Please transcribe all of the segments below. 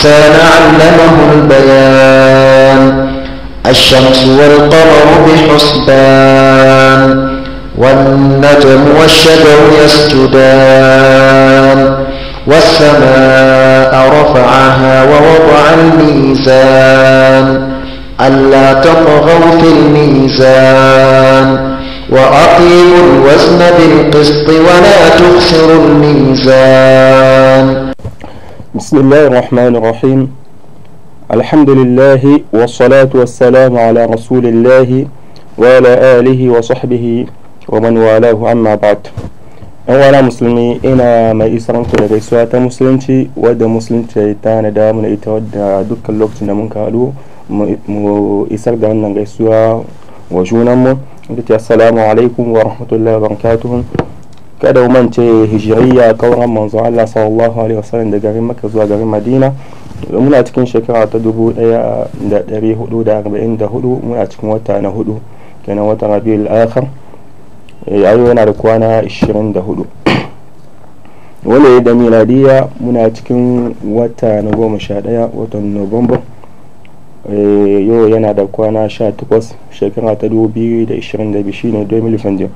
الإنسان علمه البيان الشمس والقمر بحسبان والنجم والشجر يسجدان والسماء رفعها ووضع الميزان ألا تطغوا في الميزان وأقيموا الوزن بالقسط ولا تخسروا الميزان بسم الله الرحمن الرحيم الحمد لله والصلاة والسلام على رسول الله وعلى آله وصحبه ومن والاه أما بعد أولا مسلمي إنا ما إسران كده سواة مسلمتي ودى مسلمتي تانا دامنا إتودى دوك الوقت نمون كالو مو إسر دامنا غي سواة وجونا junanmu ita ce assalamu alaikum wa kada ce hijiriya kauran manzo Allah sallallahu alaihi wasallam da garin Makka zuwa garin Madina muna cikin shekara ta 1444 muna cikin wata na hudu kenan wata rabiul akhir yayo eh, yana da kwana 24 wale da miladiya muna cikin wata na goma sha daya watan nuwamba eh, yau yana da kwana 18 shekara ta 2022 shine 2022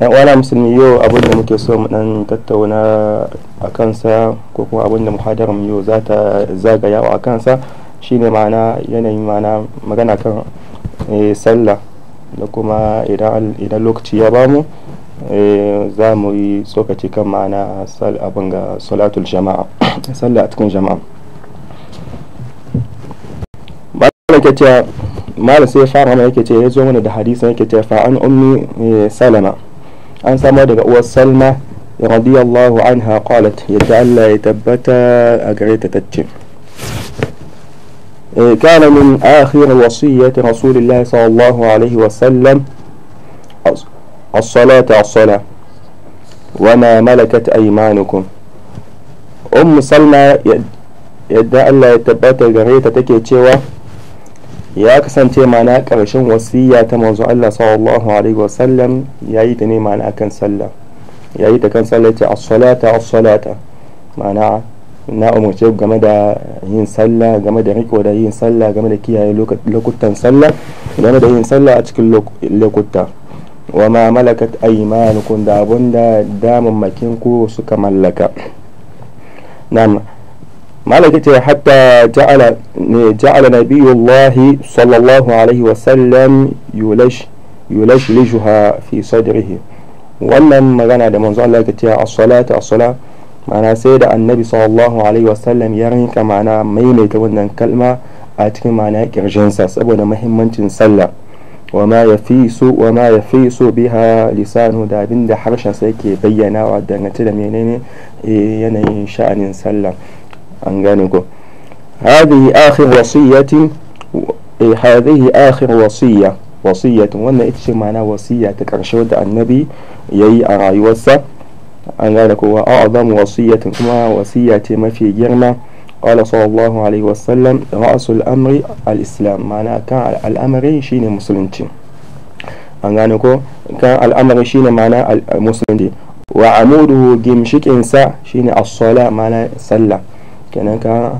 yan uwana musulmi yau abin da muke so mu dan tattauna a kansa ko kuma abin da mu yau za ta zagaya a kansa shine ma'ana yanayin ma'ana magana kan eh, sallah da kuma idan lokaci ya bamu eh, za mu yi tsokaci kan ma'ana abin ga salatul jama'a sallah a cikin jama'a malam sai fara mana yake ce ya zo mana da hadisi yake ce fa an ummi eh, salama عن samo أبو سلمة رضي الله عنها قالت yadda Allah ya tabbata كان من آخر وصية رسول الله صلى الله عليه وسلم الصلاة الصلاة وما ملكت أيمانكم أم سلمى يدعى الله يتبات غريتة تكي ya kasance mana ƙarshen wasiya ta manzo Allah sallallahu alaihi wasallam ya yi ta ne mana akan sallah ya yi ta kan sallah ce as-salata as-salata mana na umurce game da yin sallah game da riko da yin sallah game da kiyaye lokutan sallah game da yin sallah a cikin lokuta wa ma malakat aymanukum da abunda damammakin ku suka mallaka nan مالك حتى جعل جعل نبي الله صلى الله عليه وسلم يلش يلشلشها في صدره وانا مغنى غنى من زال الصلاة الصلاة معنى سيد النبي صلى الله عليه وسلم يرني كمعنى ميلة ونن كلمة أتك معنى كرجنسة سبونا مهمة سلة وما يفيس وما يفيس بها لسانه دا بند حرشا سيكي بينا ودنا نتلم ينيني ينين شأن سلم an gane ko hadhihi akhir wasiyatin eh, hadhihi akhir wasiyya wasiyatun wannan ita ce ma'ana wasiyya ta karshe da annabi yayi a rayuwarsa an gane ko wa a'zamu wasiyatun kuma wasiyya ce mafi girma قال صلى الله عليه وسلم رأس الأمر الإسلام معنى كان الأمر شين مسلمتي أنغانكو كان الأمر شين musulunci wa وعموده جمشك إنسا شين الصلاة معنى سلة kenan ka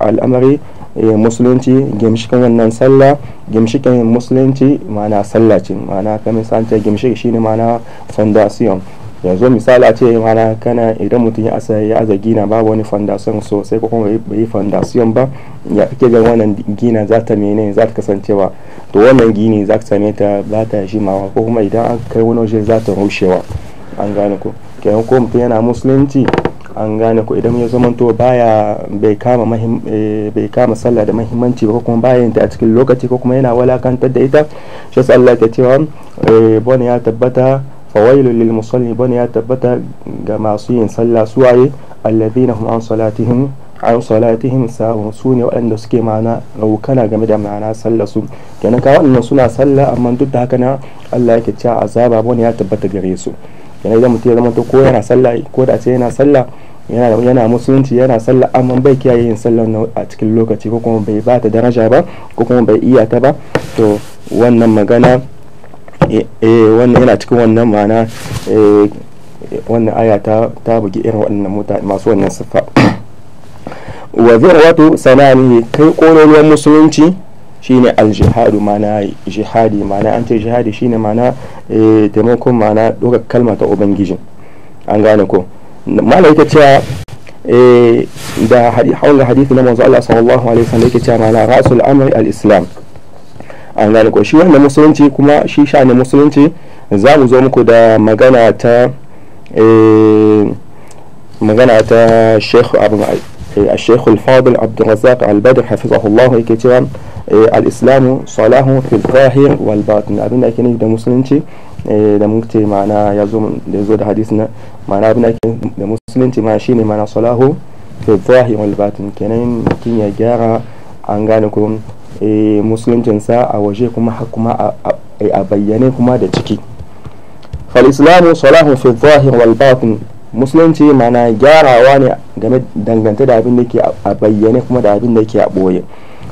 al'amari eh, musulunci kan wannan sallah gimshikin musulunci mana sallah ce mana ka misalci gimshi shi ne mana fondasiyon yanzu misali a ce mana kana idan mutum ya asa ya aza gina babu wani fondasiyon sosai ko kuma bai yi fondasiyon ba ya fi kegan wannan gina za ta mene za ta kasancewa to wannan gini za ka same ta za ta mawa ko kuma idan an kai wani waje za ta rushewa an gane ko kenan ko mutum yana musulunci an gane ko idan ya zamanta baya bai kama eh, bai kama sallah da mahimmanci ba ko kuma baya yin ta a cikin lokaci ko kuma yana walakantar da ita shi Allah ce cewa eh, bone ya tabbata fawailu lil musalli bone ya tabbata ga masu yin sallah suwaye alladhina hum an salatihim an salatihim sahun su ne waɗanda suke mana raukana game da ma'ana sallah su kenan ka waɗannan suna sallah amma duk da haka na Allah yake cewa azaba bone ya tabbata gare su kenan idan mutum ya zama ko yana sallah ko da ce yana sallah yana yana musulunci yana sallah amma bai kiyaye yin sallar a cikin lokaci ko kuma bai bata daraja ba ko kuma bai iya ta ba to wannan magana eh, eh wannan yana cikin wannan ma'ana eh, wannan aya ta ta bugi irin waɗannan mutane masu wannan siffa wa zirwatu sanani kai ƙororuwar musulunci shine aljihadu mana jihadi mana an ce jihadi shine mana eh, taimakon mana ɗaukar kalma ta ubangiji an gane ko malai yake cewa eh, da hawan hadithi na manzo Allah sallallahu alaihi wasallam yake cewa mala rasul amri al-islam an gane ko shi wannan musulunci kuma shi sha'anin musulunci za mu zo muku da magana ta eh, magana ta Sheikh Abu الشيخ الفاضل عبد الرزاق البدر حفظه الله yake cewa eh, al-islamu salahu fil zahir wal batin abinda da musulunci Eh, da mukti ce ma'ana ya zo da hadisi na ma'ana abin ake da musulunci ma shine ma'ana salahu fi zahi wal batin kenan mutum ya gyara an gane ko eh, sa a waje kuma kuma a bayyane kuma da ciki fal islamu salahu fi zahi wal batin musulunci mana gyarawa ne game dangante da abin da ke a bayyane kuma da abin da ke a ɓoye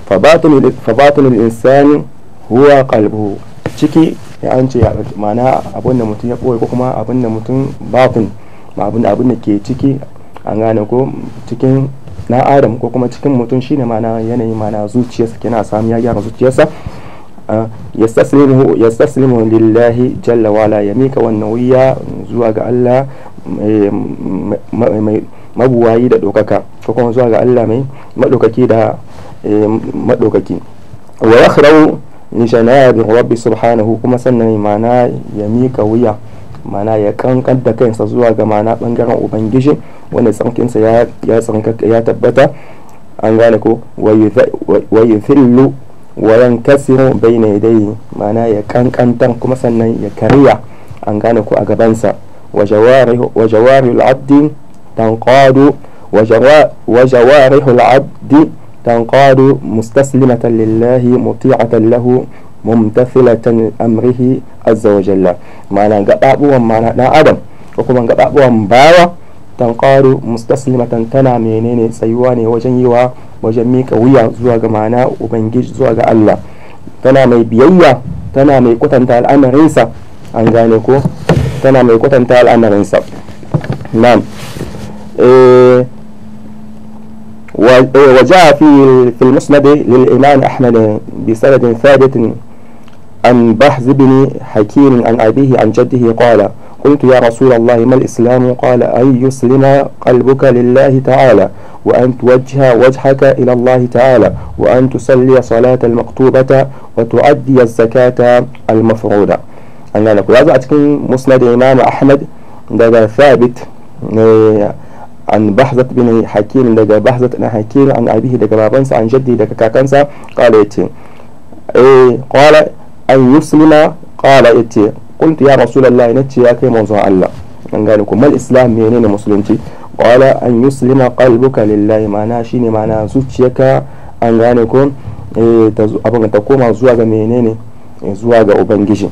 fabatunul insani huwa qalbu ciki ya an ce ma'ana abin da mutum ya ɓoye ko kuma abin da mutum bafin abin da ke ciki an gane ko cikin na adam ko kuma cikin mutum shine ma'ana yanayi ma'ana zuciyarsa kina samu ya gyara zuciyarsa ah, yastaslimu lillahi jalla wala ya mika wannan wuya zuwa ga Allah eh, mabuwayi da dokaka ko kuma zuwa ga Allah mai madokaki. da eh, madokaki wa yakhrau lishanabin rabbi subhanahu kuma sannan mana ya mika wuya mana ya kankan da kansa zuwa ga mana bangaren ubangiji wanda tsarkinsa ya tsarkaka ya tabbata an gane ko wa wayan wa yankasiru bayna yadayhi mana ya kankantar kuma sannan ya kariya an gane ko a gabansa wa jawarihu al-abdi tanqadu wa jawarihu al تنقاد مستسلمة لله مطيعة له mumtathilatan amrihi azza wa jalla ma'ana gababuwan ma'ana dan adam ko kuma gababuwan bawa tanqaru mustaslimatan tana menene tsayuwa ne wajen yiwa wajen mika wuya zuwa ga ma'ana ubangiji zuwa ga Allah tana mai biyayya tana mai kwatanta al'amarinsa an gane ko tana mai kwatanta al'amarinsa na'am وجاء في في المسند للإمام أحمد بسند ثابت عن بحز بن حكيم عن أبيه عن جده قال قلت يا رسول الله ما الإسلام قال أن يسلم قلبك لله تعالى وأن توجه وجهك إلى الله تعالى وأن تصلي صلاة المكتوبة وتؤدي الزكاة المفروضة ان لك وهذا مسند إمام أحمد ده, ده ثابت an bahzat bin hakim daga bahzat na hakim an abihi daga babansa an jaddi daga kakansa kala yace eh kala an yuslima qala yace kuntu ya rasulullahi nace ya kai manzon Allah an gane ku mal islam menene musulunci kala an yuslima qalbuka lillahi ma'ana shine ma'ana zuciyarka an gane ku eh ta abin ta koma zuwa ga menene zuwa ga ubangiji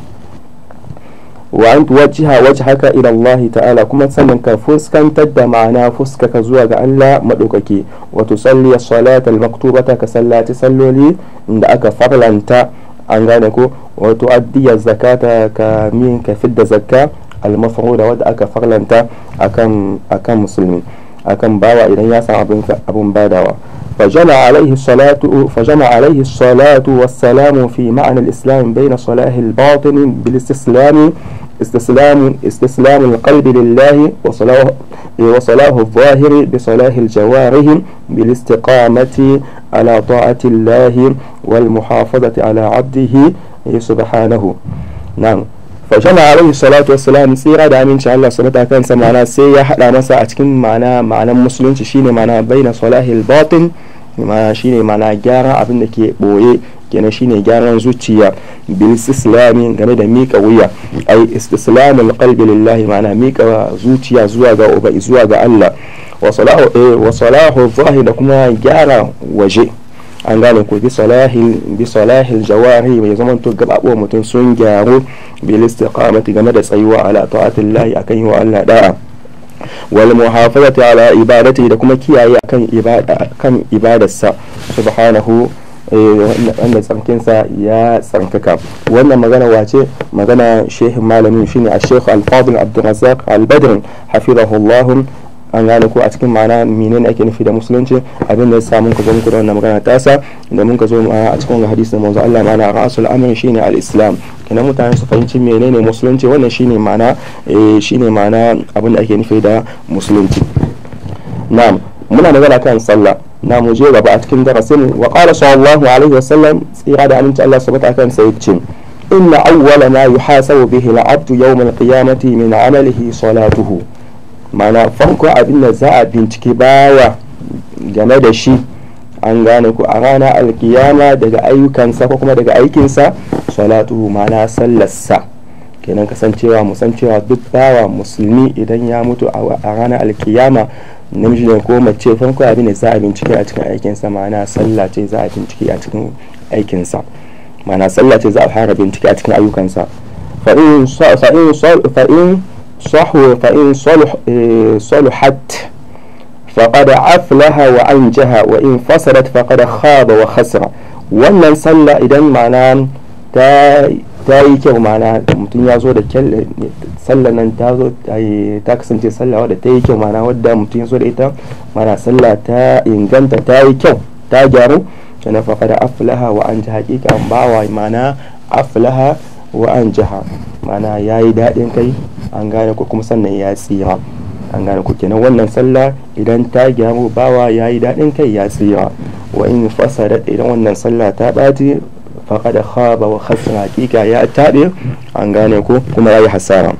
وأن توجه وجهك إلى الله تعالى كما سننك كفوسك تد معنا فسكك زواج ألا مدوكك وتصلي الصلاة المكتوبة كصلاة تسلولي عندك أنت أنغانكو وتؤدي الزكاة كمين كفد زكاة المفروضة ودأك أنت أكم أكم مسلمين أكم باوى إلى ياسع أبو بادوى فجمع عليه الصلاة فجمع عليه الصلاة والسلام في معنى الإسلام بين صلاح الباطن بالاستسلام استسلام استسلام القلب لله وصلاه وصلاه الظاهر بصلاه الجوارح بالاستقامة على طاعة الله والمحافظة على عبده سبحانه نعم فجمع عليه الصلاة والسلام سيرة دائما إن شاء الله صلاة كان سمعنا سيرة حتى نسى أتكلم معنا معنا مسلم تشيني معنا بين صلاه الباطن ما شيني معنا جارة أبنك بوي kenan shine gyaran zuciya bil islami game da mika wuya ai istislamul qalbi lillahi ma'ana mika zuciya zuwa ga uba zuwa ga Allah wa salahu eh wa salahu zahir da kuma gyara waje an gane ko bi salahil bi salahil jawari mai zaman to gababuwa mutum sun gyaru bil istiqamati game da tsayuwa ala ta'atillahi akan yi wa Allah da'a wal muhafazati ala ibadati da kuma kiyaye akan ibada akan ibadarsa subhanahu Eh, wanda tsarkinsa ya tsarkaka wannan magana wace magana shehin malamin shine a shekhu al-fadil abdulrazak al-badrin an gane ko a cikin ma'ana menene ake nufi da musulunci abin da ya samu ka zo muku da wannan magana tasa da mun ka zo a cikin wani hadisi da manzo Allah ma'ana ra'asul amr shine al-islam kenan mutane su fahimci menene musulunci wannan shine ma'ana eh, shine ma'ana abin da ake nufi da musulunci na'am muna magana kan sallah na mu je gaba a cikin darasin wa qala sallallahu alaihi wasallam tsira da aminci Allah subhanahu wa ta'ala sai yace inna awwala ma yuhasabu bihi al-abdu yawm al-qiyamati min 'amalihi salatuhu mana farko abin da za a bincike bawa game da shi an gane ku a rana alkiyama daga ayyukansa ko kuma daga aikinsa salatuhu mana sallarsa kenan kasancewa musancewa duk bawa musulmi idan ya mutu a rana alkiyama namiji da ko mace farko abin da za a bincike a cikin aikinsa ma'ana sallah ce za a bincike a cikin aikinsa ma'ana sallah ce za a fara bincike a cikin ayyukansa fa'in fa'in صحو فإن صلح صلحت فقد أفلح وأنجح وإن فسدت khaba wa khasara wannan sallah idan ma'ana ta ta yi kyau mana mutum ya zo da sallah nan ta zo ta kasance sallah wadda ta yi kyau mana wadda mutum ya zo da ita mana sallah ta inganta ta yi kyau ta gyaru na faɗa da aflaha wa an ji hakika bawa mana aflaha wa an jiha mana ya yi daɗin kai an gane ko kuma sannan ya tsira an gane ku kenan wannan sallah idan ta gyaru bawa ya yi daɗin kai ya tsira wa in fasadat idan wannan sallah ta ɓaci faqad khaba wa khasara hakika ya tabe an gane ko kuma yayi hasara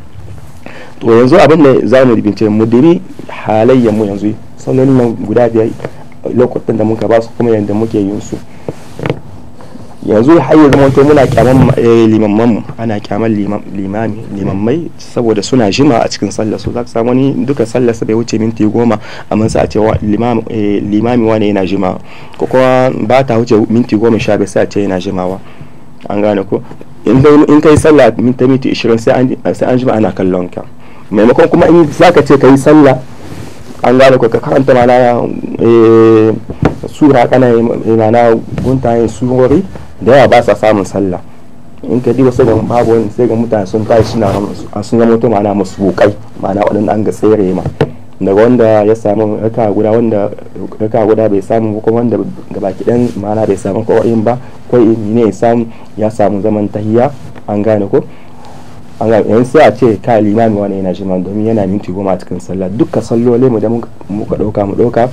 to yanzu abin da za mu rubince mu diri halayyar mu yanzu sallolin guda biyar lokutan da muka ba su kuma yadda muke yin su yanzu har yanzu zama muna kyaman eh, limamman ana kyaman limami limammai saboda suna jima a cikin sallar su zaka samu wani duka sallar sa bai wuce minti goma amma sai a ce eh, limami wane yana jima ko kuma ba ta wuce minti goma sha bai sai a ce yana jimawa an gane ko in kai sallah minti minti ishirin sai an jima ana kallon ka maimakon kuma in zaka ce ka yi sallah an gane ko ka karanta mana eh, sura kana mana guntayen surori da yawa ba sa samun sallah in ka diba sai ga babu wani sai ga mutane sun tashi suna sun zama mutum ma'ana musu bukai ma'ana waɗanda an ga tsere ma daga wanda ya samu raka guda bai samu ko kuma wanda gaba dan ma'ana bai samu ko in ba ko in ne ya samu ya samu zaman tahiya an gane ko an gane yan sai a ce ka limami wani yana shi domin yana minti goma a cikin sallah dukkan sallolin mu da muka dauka mu dauka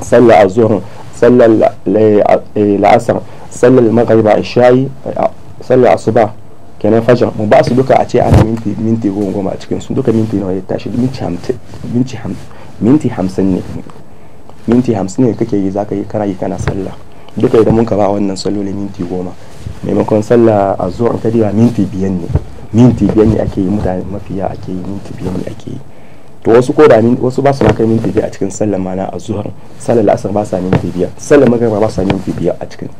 sallah azhar sallar eh, eh, la'asar sallar maghriba a sallar asuba kenan fajar mu ba su duka a ce ana minti minti goma goma a cikin su duka minti nawa ya tashi minti minti hamsin ne minti hamsin ne kake yi zaka yi kana yi kana sallah duka idan mun ka ba wannan sallar minti goma maimakon sallah a zuwa ta diba minti biyan ne minti biyan ne ake yi mutane mafiya ake yi minti biyan ne ake yi to wasu ko da wasu ba su na kai minti biyar a cikin sallar mana a zuwa sallar asar ba sa minti biyar sallar magana ba sa minti biyar a cikin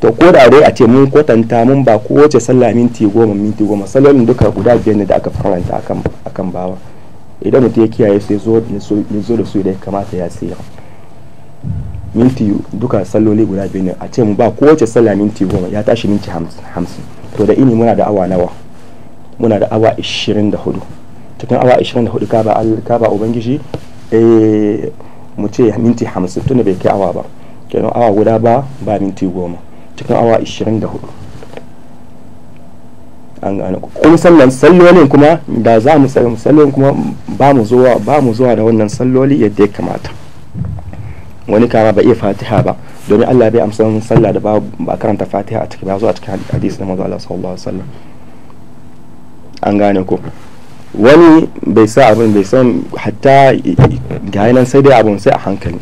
to ko da dai a ce mun kwatanta mun ba kowace sallah minti goma minti goma sallolin duka guda biyar ne da aka faranta akan bawa idan mutum ya kiyaye sai zo da su da ya kamata ya tsira minti duka salloli guda biyu ne a ce mu ba kowace sallah minti goma ya tashi minti hamsin to da ini muna da awa nawa muna da awa ishirin da hudu cikin awa ishirin da hudu ka ba ubangiji eh, mu ce minti hamsin tuni bai kai awa ba kenan awa guda ba ba minti goma cikin awa 24 an gane kuma sannan sallolin kuma da za mu tsaye mu sallolin kuma ba mu zuwa ba mu zuwa da wannan salloli yadda ya kamata wani kama ba iya fatiha ba domin Allah bai amsa mun sallah da ba karanta fatiha a cikin ba zuwa cikin hadisi na manzo Allah sallallahu alaihi wasallam an gane ko wani bai sa abin bai san hatta ga nan sai dai abun sai a hankali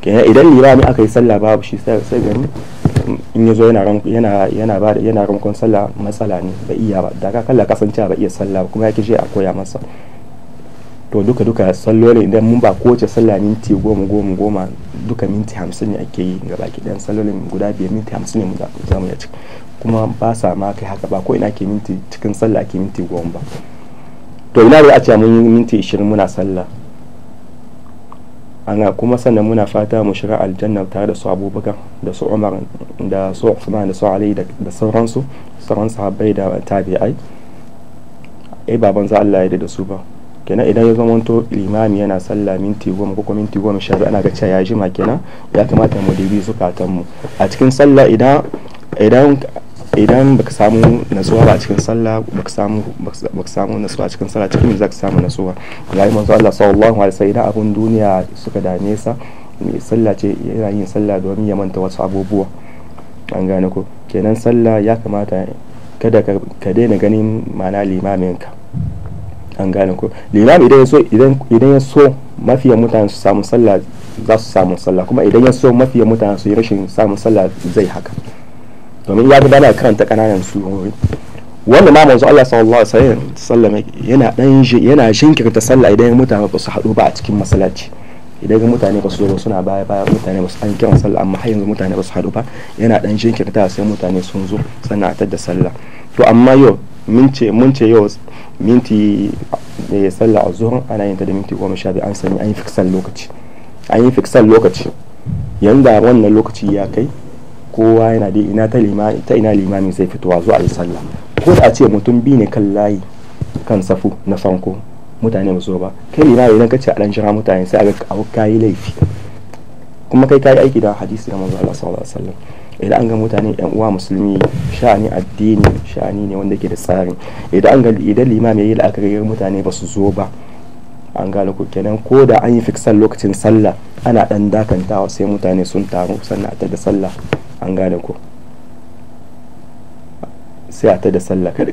kenan idan limami aka yi sallah babu shi sai gani in ya zo yana rankon sallah matsala ne ba iya ba da kalla kasance ba iya sallah kuma ya kishe a koya masa to duka duka salloli idan mun ba kowace sallah minti goma goma goma duka minti hamsin ne ake yi ga baki ɗayan sallolin guda biyar minti hamsin ne za mu ci kuma ba sa ma kai haka ba ko ina ke minti cikin sallah ke minti goma ba to ina da a ce mun minti ishirin muna sallah ana kuma sannan muna fata mu shiga aljanna tare da su abubakar da su umar da su usman da su ali da sauransu sauran sahabbai da tabi'ai ai eh, baban za Allah ya da su ba kenan idan ya to limami yana sallah minti goma ko minti goma sha biyu ana ga cewa ya jima kenan ya kamata mu dubi zukatan mu a cikin sallah idan idan idan baka samu nasuwa ba cikin sallah baka samu baka samu nasuwa cikin sallah cikin me zaka samu nasuwa yayi manzo Allah sallallahu alaihi wasallam abun duniya suka dame sa mai sallah ce yana yin sallah domin ya manta wasu abubuwa an gane ko kenan sallah ya kamata kada ka daina ganin mana limamin ka an gane ko limam idan ya so idan ya so mafiya mutane su samu sallah za su samu sallah kuma idan ya so mafiya mutane su yi rashin samun sallah zai haka domin ya gudana karanta kananan surori wanda ma manzo Allah sallallahu alaihi wasallam yana dan yana shinkirta sallah idan mutane ba su haɗu ba a cikin masallaci idan ga mutane ba su zo suna baya baya mutane ba su an kiran sallah amma har yanzu mutane ba su haɗu ba yana dan shinkirta sai mutane sun zo sannan a tada sallah to amma yau mun ce mun ce yau minti da eh, ya sallah a zuwan ana yin ta da minti goma sha biyu an sanya an yi fiksan lokaci an yi fiksan lokaci yanda wannan lokaci ya kai kowa yana da ina ta limami ta ina limamin sai fitowa zuwa yi sallah ko da a ce mutum bi ne kan layi kan safu na fanko mutane ba zo ba kai ina idan ka ce a dan jira mutane sai a ga abu kayi laifi kuma kai kayi aiki da hadisi da manzo Allah sallallahu alaihi wasallam idan an ga mutane yan uwa musulmi sha'ani addini sha'ani ne wanda ke da tsari idan an ga idan limami yayi la'akari mutane ba su zo ba an gane ku kenan ko da an yi fiksan lokacin sallah ana dan dakantawa sai mutane sun taru sannan a da sallah an gane ku sai a da sallah kada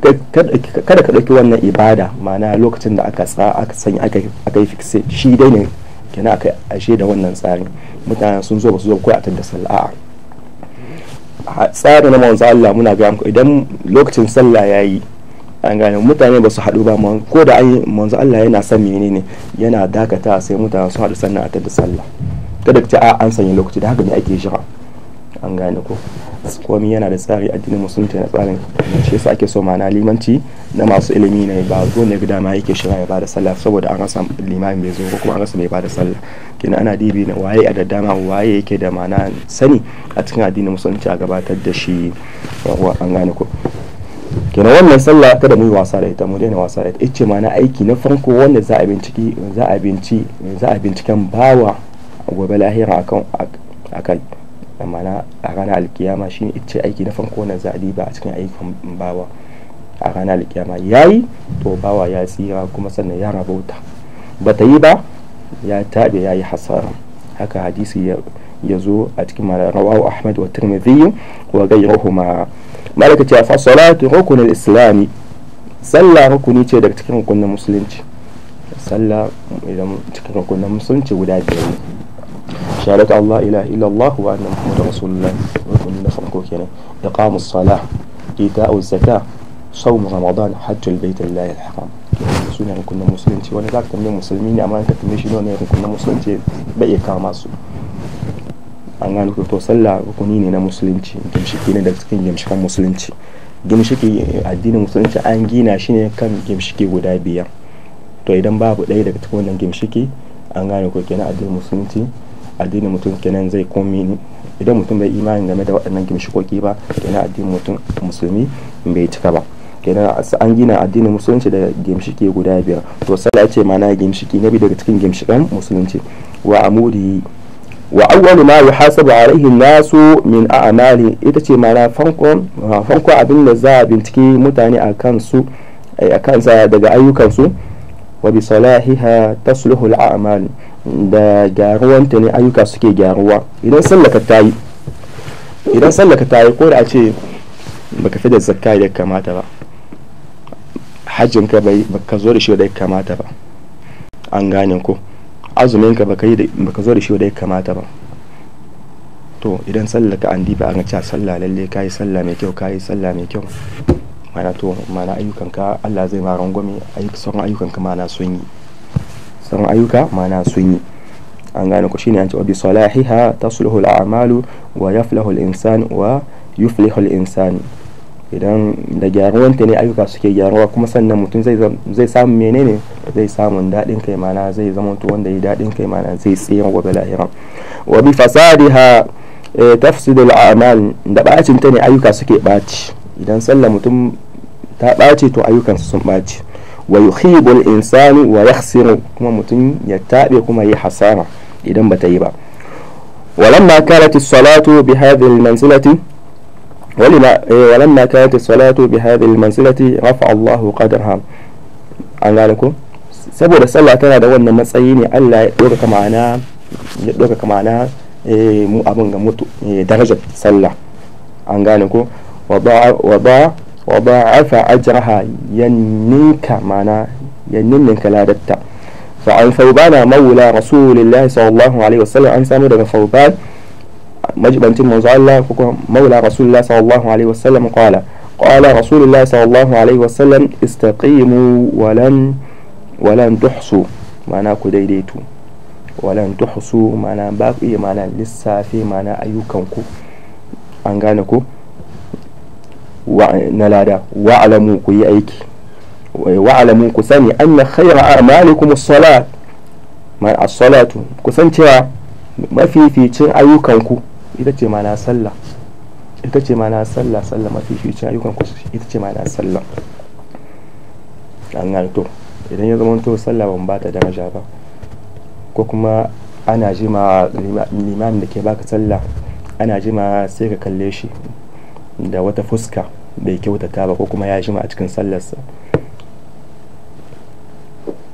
ka ɗauki wannan ibada ma'ana lokacin da aka tsa aka sanya aka yi fikse shi dai ne kenan aka ashe da wannan tsarin mutane sun zo ba su zo ko a da sallah a'a tsarin na manzo Allah muna ga muku idan lokacin sallah yayi an gane mutane ba su haɗu ba ko da an yi manzo Allah yana son menene yana dakata sai mutane su haɗu sannan a tada sallah kada ta a an sanya lokaci da haka ne ake jira an gane ko komai yana da tsari addinin musulunci na tsarin shi yasa ake so ma'ana limanci na masu ilimi ne ba zo ne gida ma yake shira ya bada sallah saboda an rasa limami bai zo ko kuma an rasa mai bada sallah kina ana dibi na waye a da dama waye yake da ma'ana sani a cikin addinin musulunci a gabatar da shi an gane ko kenan wannan sallah kada mu yi wasa da ita mu daina wasa da ita ce ma na aiki na farko wanda za a binciki za a binci za a binciken bawa gobe lahira akan akan ma'ana a ranar alkiyama shine ice aiki na farko wanda za a diba a cikin aikin bawa a ranar alkiyama yayi to bawa ya tsira kuma sannan ya rabauta bata yi ba ya tabe ya yi hasara haka hadisi ya zo a cikin rawahu ahmad wa tirmidhi wa ghayruhuma malaka ce fa salatu rukunul islami sallah rukuni ce daga cikin rukunin musulunci sallah idan cikin rukunin musulunci guda biyar ne shahadatu Allah ilaha allah wa anna muhammadar rasulullah rukuni na farko kenan iqamus salah ita'uz zakah sawm ramadan حج البيت alharam sunan rukunin musulunci wani za ka tambaye musulmi ne amma ka tambaye shi ne rukunin musulunci bai kama su an gane ko to sallah rukuni ne na musulunci gimshiki ne daga cikin gimshikan musulunci gimshiki addinin musulunci an gina shi ne kan gimshiki guda biyar to idan babu ɗaya daga cikin wannan gimshiki an gane ko kenan addinin musulunci addinin mutum kenan zai komi ne idan mutum bai imani game da waɗannan gimshikoki ba kenan addinin mutum musulmi bai cika ba kenan an gina addinin musulunci da gimshiki guda biyar to sallah ce ma na gimshiki na bi daga cikin gimshikan musulunci wa amuri wa awwalu ma yuhasabu alaihi nasu min a'mali ita ce mana farkon ah, farko abin da za a bincike mutane a kansu eh, a kansa daga ayyukansu wa bi salahiha tasluhu al'amal da gyaruwanta ne ayyuka suke gyaruwa idan sallaka tayi idan sallaka yi ko da a ce baka fi da zakka da kamata ba ka bai baka zo da shi da kamata ba an gane ko azumin ka baka yi baka zo da shi da ya kamata ba to idan sallah ka an diba an ga sallah lalle kai sallah mai kyau kai sallah mai kyau mana to mana ayyukan ka Allah zai ma rangwame ayyukan sauran ayyukan ka mana sun yi sauran ayyuka mana sun yi an gane ku shine an ce bi salahiha tasluhu al-a'malu wa yaflahu al-insan wa yuflihu al-insan idan da gyaruwanta ne ayyuka suke gyaruwa kuma sannan mutum zai samu menene zai samun daɗin kai mana zai zama wanda ya daɗin kai mana zai tsira wa bala'iran wa bi fasadiha eh, tafsidul a'mal da bacin ta ne ayyuka suke baci idan sallar mutum ta bace to su sun baci wa yukhibul insani wa yakhsiru kuma mutum ya tabe kuma yi hasara idan bata yi ba walamma salatu bi hadhihi al-manzilati ولما كانت الصلاة بهذه المنزلة رفع الله قدرها an gane saboda sallah tana da wannan matsayi ne Allah ya ɗaukaka ma'ana ya ɗaukaka ma'ana mu abin ga mutu darajar sallah an gane ko wa ba wa ba afa ajraha yanninka ma'ana yanninka ladatta fa an maula an samu daga fauban majibancin manzo Allah ko kuma maula rasulullah sallallahu alaihi wasallam qala qala rasulullah sallallahu alaihi wasallam istaqimu walan walan tuhsu ma'ana ku daidaitu walan tuhsu ma'ana ba ku iya ma'ana lissafi ma'ana ayyukan ku an gane ku na lada wa'alamu ku yi aiki wa'alamu ku sani anna khayra a'malikum as-salat ma'ana as-salatu ku san cewa mafificin ayyukan ku ita ce mana sallah ita ce mana sallah sallah cin ayyukan ku ita ce mana sallah an gane to idan ya zama to sallah ban ba ta daraja ba ko kuma ana jima limamin da ke baka sallah ana jima sai ka kalle shi da wata fuska bai kyautata ba ko kuma ya jima a cikin sallarsa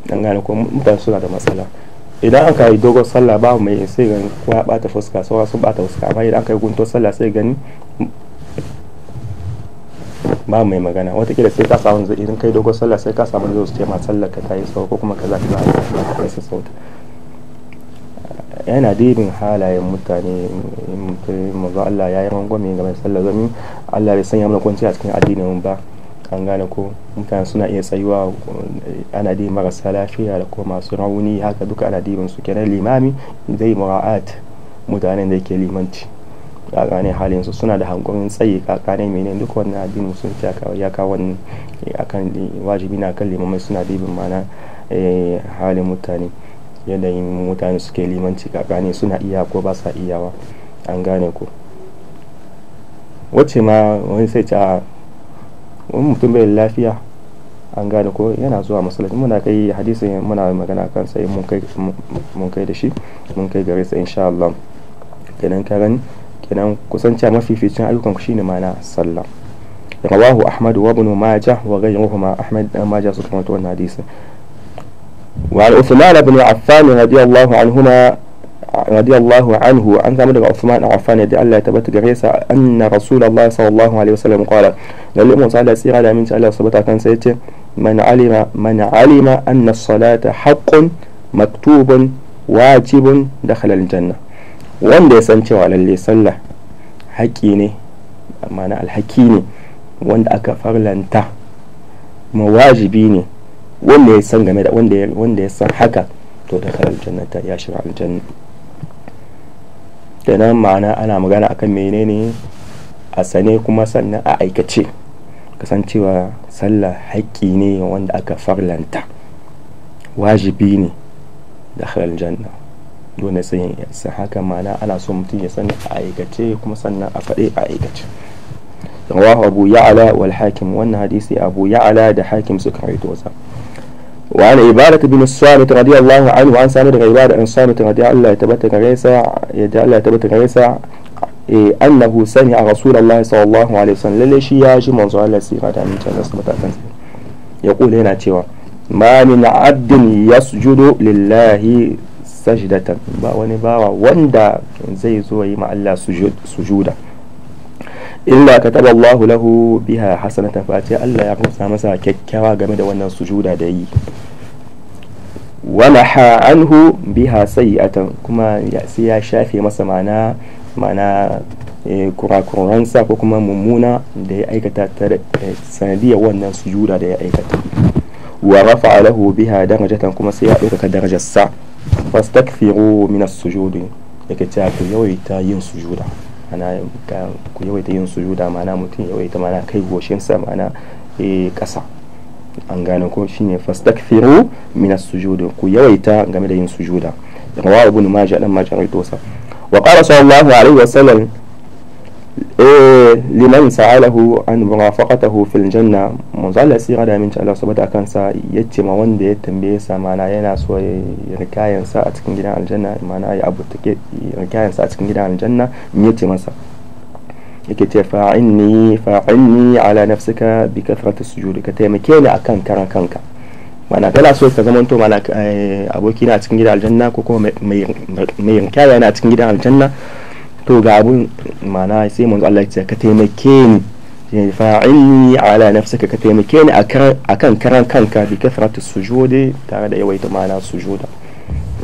an gane ko mutane suna da matsala idan aka yi dogon sallah ba mai sai gani ko ya bata fuska sauwa sun bata fuska amma idan aka yi guntun sallah sai gani ba mai magana watakila sai ka samu zai idan kai dogon sallah sai ka samu zai su ce ma sallar ka tayi sau ko kuma ka za ka za su sauta yana dibin halayen mutane in mutum Allah ya yi mai game da sallar zami Allah bai sanya mana a cikin addinin ba an gane ko mutane suna iya tsayuwa ana dai marasa lafiya da kuma masu rauni haka duka ana dibin su kenan limami zai mura'at mutanen da ke limanci kakane halin su suna da hankulin tsaye kakane mene duk wannan addinin musulunci ya kawo wannan eh, akan eh, wajibi na kan limamai suna dibin mana eh, halin mutane yanayin mutane suke limanci kakane suna iya ko ba sa iyawa an gane ko wacce ma wani sai ta wani mutum bai lafiya an gane ko yana zuwa masallaci muna kai hadisin muna magana kan sai mun kai da shi mun kai gare sa insha Allah kenan karan kenan kusanci mafificin ayyukan ku shine mana sallah rawahu ahmad wa ibn majah wa ma ahmad ibn majah suka rawaito wannan hadisin wa al-uthman ibn affan radiyallahu anhuma radiyallahu anhu an samar daga usman a Affan da Allah ya tabbata gare sa anna rasulullahi sallallahu alaihi wasallam qala lalle mu sallallahu alaihi wasallam min Allah subhanahu kan sai yace anna as-salata haqqun maktubun wajibun dakhala al-janna wanda ya san cewa lallai sallah haƙi ne ma'ana alhaki ne wanda aka farlanta wajibi ne wanda ya san game da wanda ya san haka to da aljanna ya shiga aljanna da nan ma'ana ana magana akan menene a sane kuma sannan a aikace kasancewa sallah haƙƙi ne wanda aka farlanta wajibi ne da janna dole sai sai haka ma'ana ana so mutum ya sani a aikace kuma sannan a faɗe a aikace rawahu abu ya'ala wal hakim wannan hadisi abu ya'ala da hakim suka rawaito sa وعن عبادة بن الصامت رضي الله عنه عن سامد عبادة بن الصامت رضي الله تبارك غيسا يدعى الله تبارك غيسا أنه سمع رسول الله صلى الله عليه وسلم للشي ياجي منظر الله سيرة من جنة سبتا يقول هنا تيوا ما من عبد يسجد لله سجدة با وني باوا وندا زي زوي مع الله سجود سجودا illa kataba Allahu lahu biha hasanatan face Allah ya rubuta masa kyakkyawa game da wannan sujuda da yi wala maha anhu biha sayi'atan kuma sai ya shafe masa mana mana eh, kurakuransa ko kuma mummuna da ya aikata eh, sanadiyar wannan sujuda da ya aikata wa rafa lahu biha darajatan kuma sai ya ɗaukaka darajarsa fastakfiru min as-sujudi yake cewa ku yawaita yin sujuda ana ku yawaita yin sujuda ma'ana mutum yawaita ma'ana kai goshinsa ma'ana eh, ƙasa an gane ko shine fastakfiru min as-sujud ku yawaita game da yin sujuda rawa ibn majah dan majah rawaito sa wa qala sallallahu alaihi wasallam Eh, liman sa'alahu an murafaqatahu fil janna manzo sira da min Allah subhanahu wa ta'ala yace ma wanda ya tambaye sa mana yana so ya rikayan sa a cikin gidan aljanna mana ya abu take rikayan sa a cikin gidan aljanna me yace masa yake ce fa'inni fa'inni ala nafsika bi kathrati sujudi ka taimake ni akan karan kanka mana kana so ka zamanto mana eh, aboki na cikin gidan aljanna ko kuma mai rikaya na cikin gidan aljanna to ga abun mana sai manzo Allah ya ce ka taimake ni fa'ilni ala nafsika ka taimake ni akan karan kanka bi kasratu sujudi tare da yawaita mana sujuda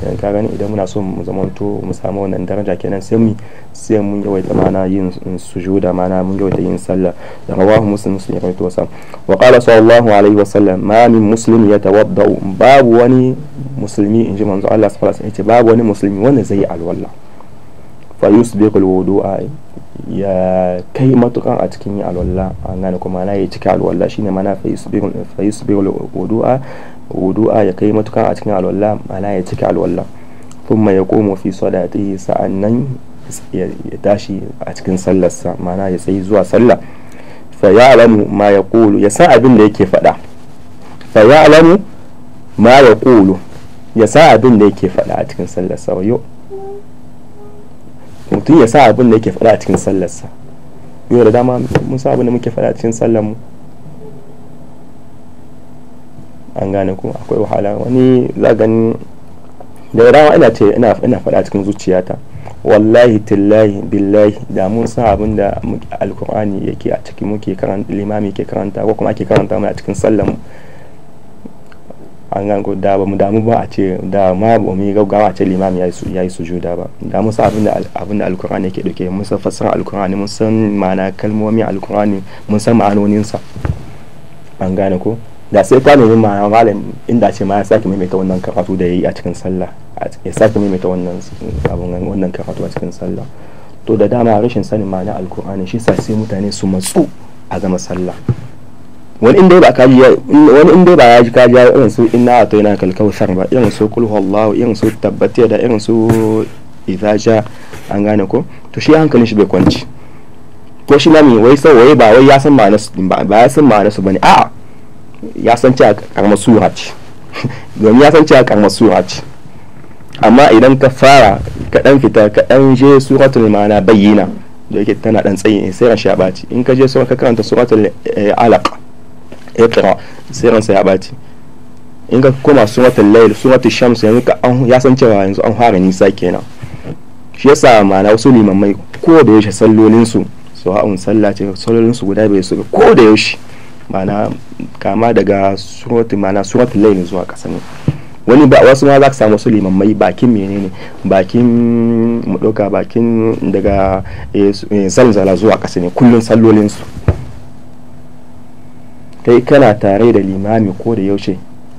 idan eh, ka gani idan muna so mu zamanto mu samu wannan daraja kenan sai mu sai mun yawaita mana yin sujuda mana mun yawaita yin sallah da rawahu muslim muslim ya to sa wa qala sallallahu alaihi wa sallam ma min muslim yatawadda babu wani musulmi inji manzo Allah sallallahu alaihi wa sallam babu wani musulmi wanda zai yi alwala fa yusbiqul wudu'a ya kai matukan a cikin alwallah an gane kuma na ya cika shi shine mana fa yusbiqul wudu'a wudu'a ya kai matukan a cikin alwallah mana ya cika alwala thumma yaqumu fi salatihi sa'annan ya tashi a cikin sallarsa mana ya tsayi zuwa sallah fa ya'lamu ma yaqulu ya san abin da yake faɗa fa ya'lamu ma yaqulu ya san abin da yake faɗa a cikin sallarsa yau mutum ya sa abin da yake faɗa a cikin sallarsa yau da dama mun sa abin da muke faɗa a cikin sallar mu an gane ko akwai wahala wani za gani da dama ina ce ina ina faɗa a cikin zuciyata wallahi tillahi billahi da mun sa abin da alkur'ani yake a cikin muke karanta limami ke karanta ko kuma ake karanta mu a cikin sallar mu an ga da ba mu damu ba a ce da ma ba mu gaggawa a ce limam ya yi sujuda ba da mun san abin da abin da alkur'ani yake dauke mun san fassara alkur'ani mun san ma'ana kalmomi alkur'ani mun san ma'anonin sa an gane ko da sai ka nemi ma'ana malam inda ce ma ya sake maimaita wannan karatu da yayi a cikin sallah ya sake maimaita wannan wannan karatu a cikin sallah to da dama rashin sanin ma'ana alkur'ani shi sa sai mutane su matsu a gama sallah wani inda ba kaji wani ba ya ji kaji irin su inna a kalkau kalkausar ba irin su kul irin su tabbati da irin su idza an gane ko to shi hankalin shi bai kwanci ko shi nami wai sau wai ba wai ya san ma'ana su ba ya san ma'ana su bane a'a ya san cewa karma sura ce domin ya san cewa karma sura ce amma idan ka fara ka dan fita ka dan je suratul ma'ana bayyana da yake tana dan tsayi sai ran shi baci in ka je sura ka karanta suratul eh, alaq iqra eh, sai ransa ya baci in ka koma suratul layl suratul shams yanzu ka an ya san cewa yanzu an fara nisa kenan shi yasa ma'ana wasu limamai ko da yaushe sallolin su su ha'un sallah ce sallolin su guda bai su ko da yaushe ma'ana kama daga suratul ma'ana suratul layl zuwa kasa ne wani ba wasu ma za ka samu su mai bakin menene bakin mu bakin daga eh, eh, zalzala zuwa kasa ne kullun sallolin su kai kana tare da limami ko da yaushe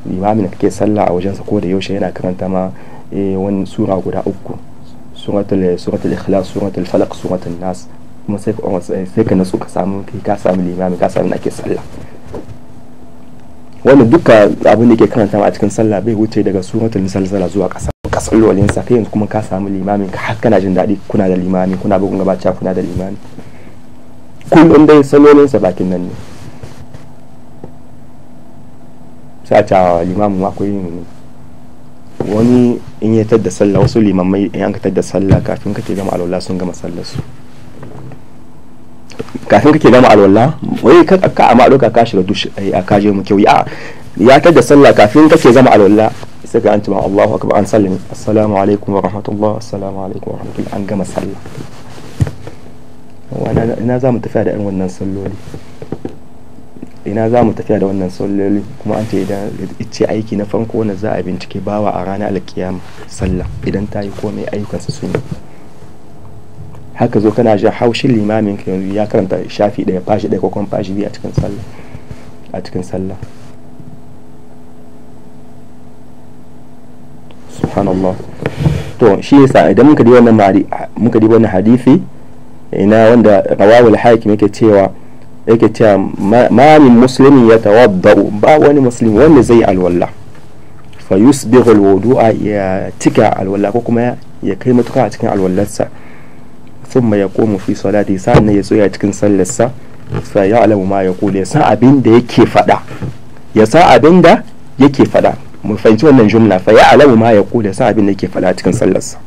limami da kake sallah a wajensa ko da yaushe yana karanta ma eh, wani sura guda uku eh, suratul ikhlas suratul falaq suratul nas kuma sai eh, sai ka nasu ka samu kai ka samu limami ka samu nake sallah wannan duka abin da ke karanta a cikin sallah bai wuce daga suratul zalzala zuwa kasa kasalolin sa kai yanzu kuma ka samu limamin ka har kana jin daɗi kuna da limami kuna bugun gabacha kuna da limami kullum dai salolinsa bakin nan ne sai a ta ah, limamin akwai yin wani in ya tadda sallah wasu limamai in an ka tadda sallah kafin ka ke gama alwala sun gama sallah su kafin ke gama alwala wai ka ka amma doka ka shiga dush a kaje mu kyau ya ya tadda sallah kafin ke gama alwala sai ka anti ma Allahu akbar an sallami assalamu alaikum wa rahmatullah assalamu alaikum wa rahmatullah an gama sallah ina za mu tafiya da irin wannan salloli ina za mu tafiya da wannan salloli kuma an ce idan ce aiki na farko wanda za a bincike bawa a ranar alkiyama sallah idan ta yi komai ayyukansa sun yi haka zo kana jin haushin limamin ka yanzu ya karanta shafi daya fashi daya ko fashi biyu a cikin sallah a cikin sallah subhanallah to shi yasa idan muka di wannan muka di wannan hadisi ina wanda rawawul hakim yake cewa yake cewa ma min muslimin ya tawadda'u ba wani musulmi wanda zai alwala fa yusbihu alwudu'a ya cika alwala ko kuma ya kai matuka a cikin alwallarsa ya komo fi salati sa'an ya tsoya cikin sallarsa fa alamu ma ya kula ya san abin da yake fada ya san abin da yake fada mu fahimci wannan jumla fa alamu ma ya kula ya san abin da yake fada cikin sallarsa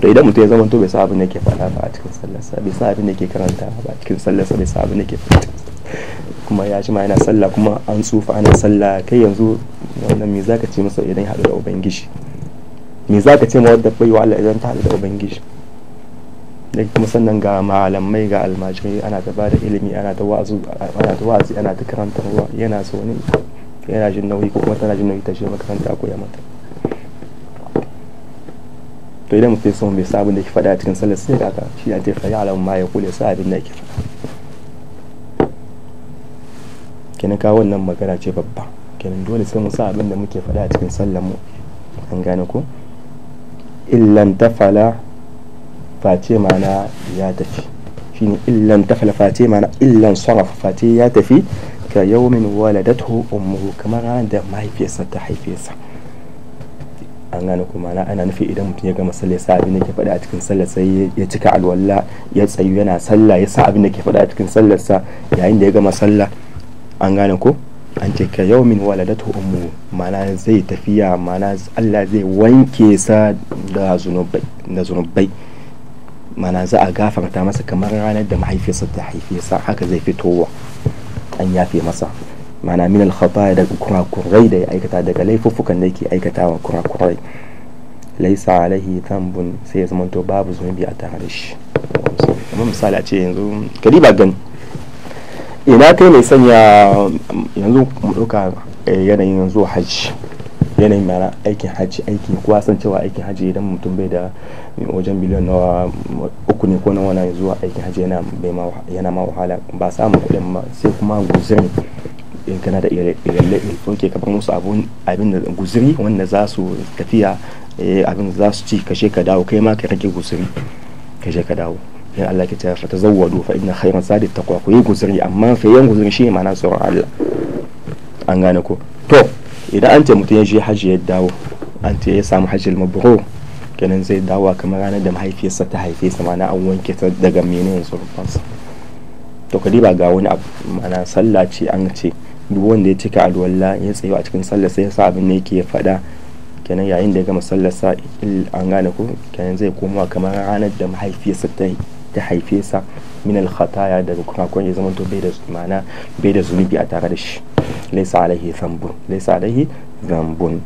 to idan mutum ya zama to bai sa abin da ke faɗa ba a cikin sallarsa bai sa abin da ke karanta ba a cikin sallarsa bai sa abin da ke faɗa kuma ya ci ma yana sallah kuma an tsufa ana sallah kai yanzu wannan me za ka ce masa idan ya haɗu da ubangiji me za ka ce ma wadda bai wa idan ta haɗu da ubangiji da kuma sannan ga malamai ga almajirai ana ta bada ilimi ana ta wa'azu ana ta wa'azi ana ta karantarwa yana so ne yana jin nauyi ko kuma tana jin nauyi ta shi makaranta ko ya mata to idan mutum sun bai sabon da ke faɗa cikin sallar sai haka shi ya ta faɗi alamun ma ya kule sa abin da ke faɗa kenan ka wannan magana ce babba kenan dole sai mu sa abin da muke faɗa cikin sallar mu an gane ko illan tafala face mana ya tafi shine illan tafala face mana illan sarrafa face ya tafi ka yaumin waladatu ummuhu kamar ranar da mahaifiyarsa ta haifiyarsa an gane kuma na ana nufi idan mutum ya gama sallah ya sa abin da ke faɗa a cikin sallar sai ya cika alwala ya tsayu yana sallah ya sa abin da ke faɗa a cikin sallar sa yayin da ya gama sallah an gane ko an ce ka yau min waladatu ummu mana zai tafiya mana Allah zai wanke sa da zunubai da zunubai mana za a gafarta masa kamar ranar da mahaifiyarsa ta haife sa haka zai fitowa an yafe masa mana min alkhata daga kurakurai da ya aikata daga laifuffukan da yake wa kurakurai laisa alaihi tambun sai ya zama to babu zunubi a tare shi kuma misali a ce yanzu gari ba gani ina kai mai sanya yanzu mu ɗauka eh, yanayin yanzu hajji yanayin mara aikin hajji aiki kuwa san cewa aikin hajji idan mutum bai da wajen biliyan na uku ne ko na wani zuwa aikin hajji yana ma wahala ba samun kuɗin ba sai kuma guzirin gana da iyalai ɗauke ka bar musu abin da guziri wanda za su tafiya eh, abin da za su ci kashe ka dawo kai ma ka rage guziri kashe ka dawo in Allah ke ta zawo wadu fa inna khayran ta taqwa ku yi guziri amma fa yan guziri shi ma'ana tsoron Allah an gane ko to idan an ce mutum ya je hajji ya dawo an ce ya samu hajji mabrur kenan zai dawo kamar ranar da mahaifiyarsa ta haife sa ma'ana an wanke ta daga menene zurfansa to kadi ba ga wani abu ma'ana sallah ce an ce duk wanda ya cika alwala ya tsayo a cikin sallar sai ya sa abin da yake faɗa kenan yayin da ya gama sallar sa an gane ko kenan zai koma kamar ranar da mahaifiyarsa ta ta haife sa min al khataya daga kun ya zama to bai da mana bai da zunubi a tare da shi laisa alaihi zambun laisa alaihi zambun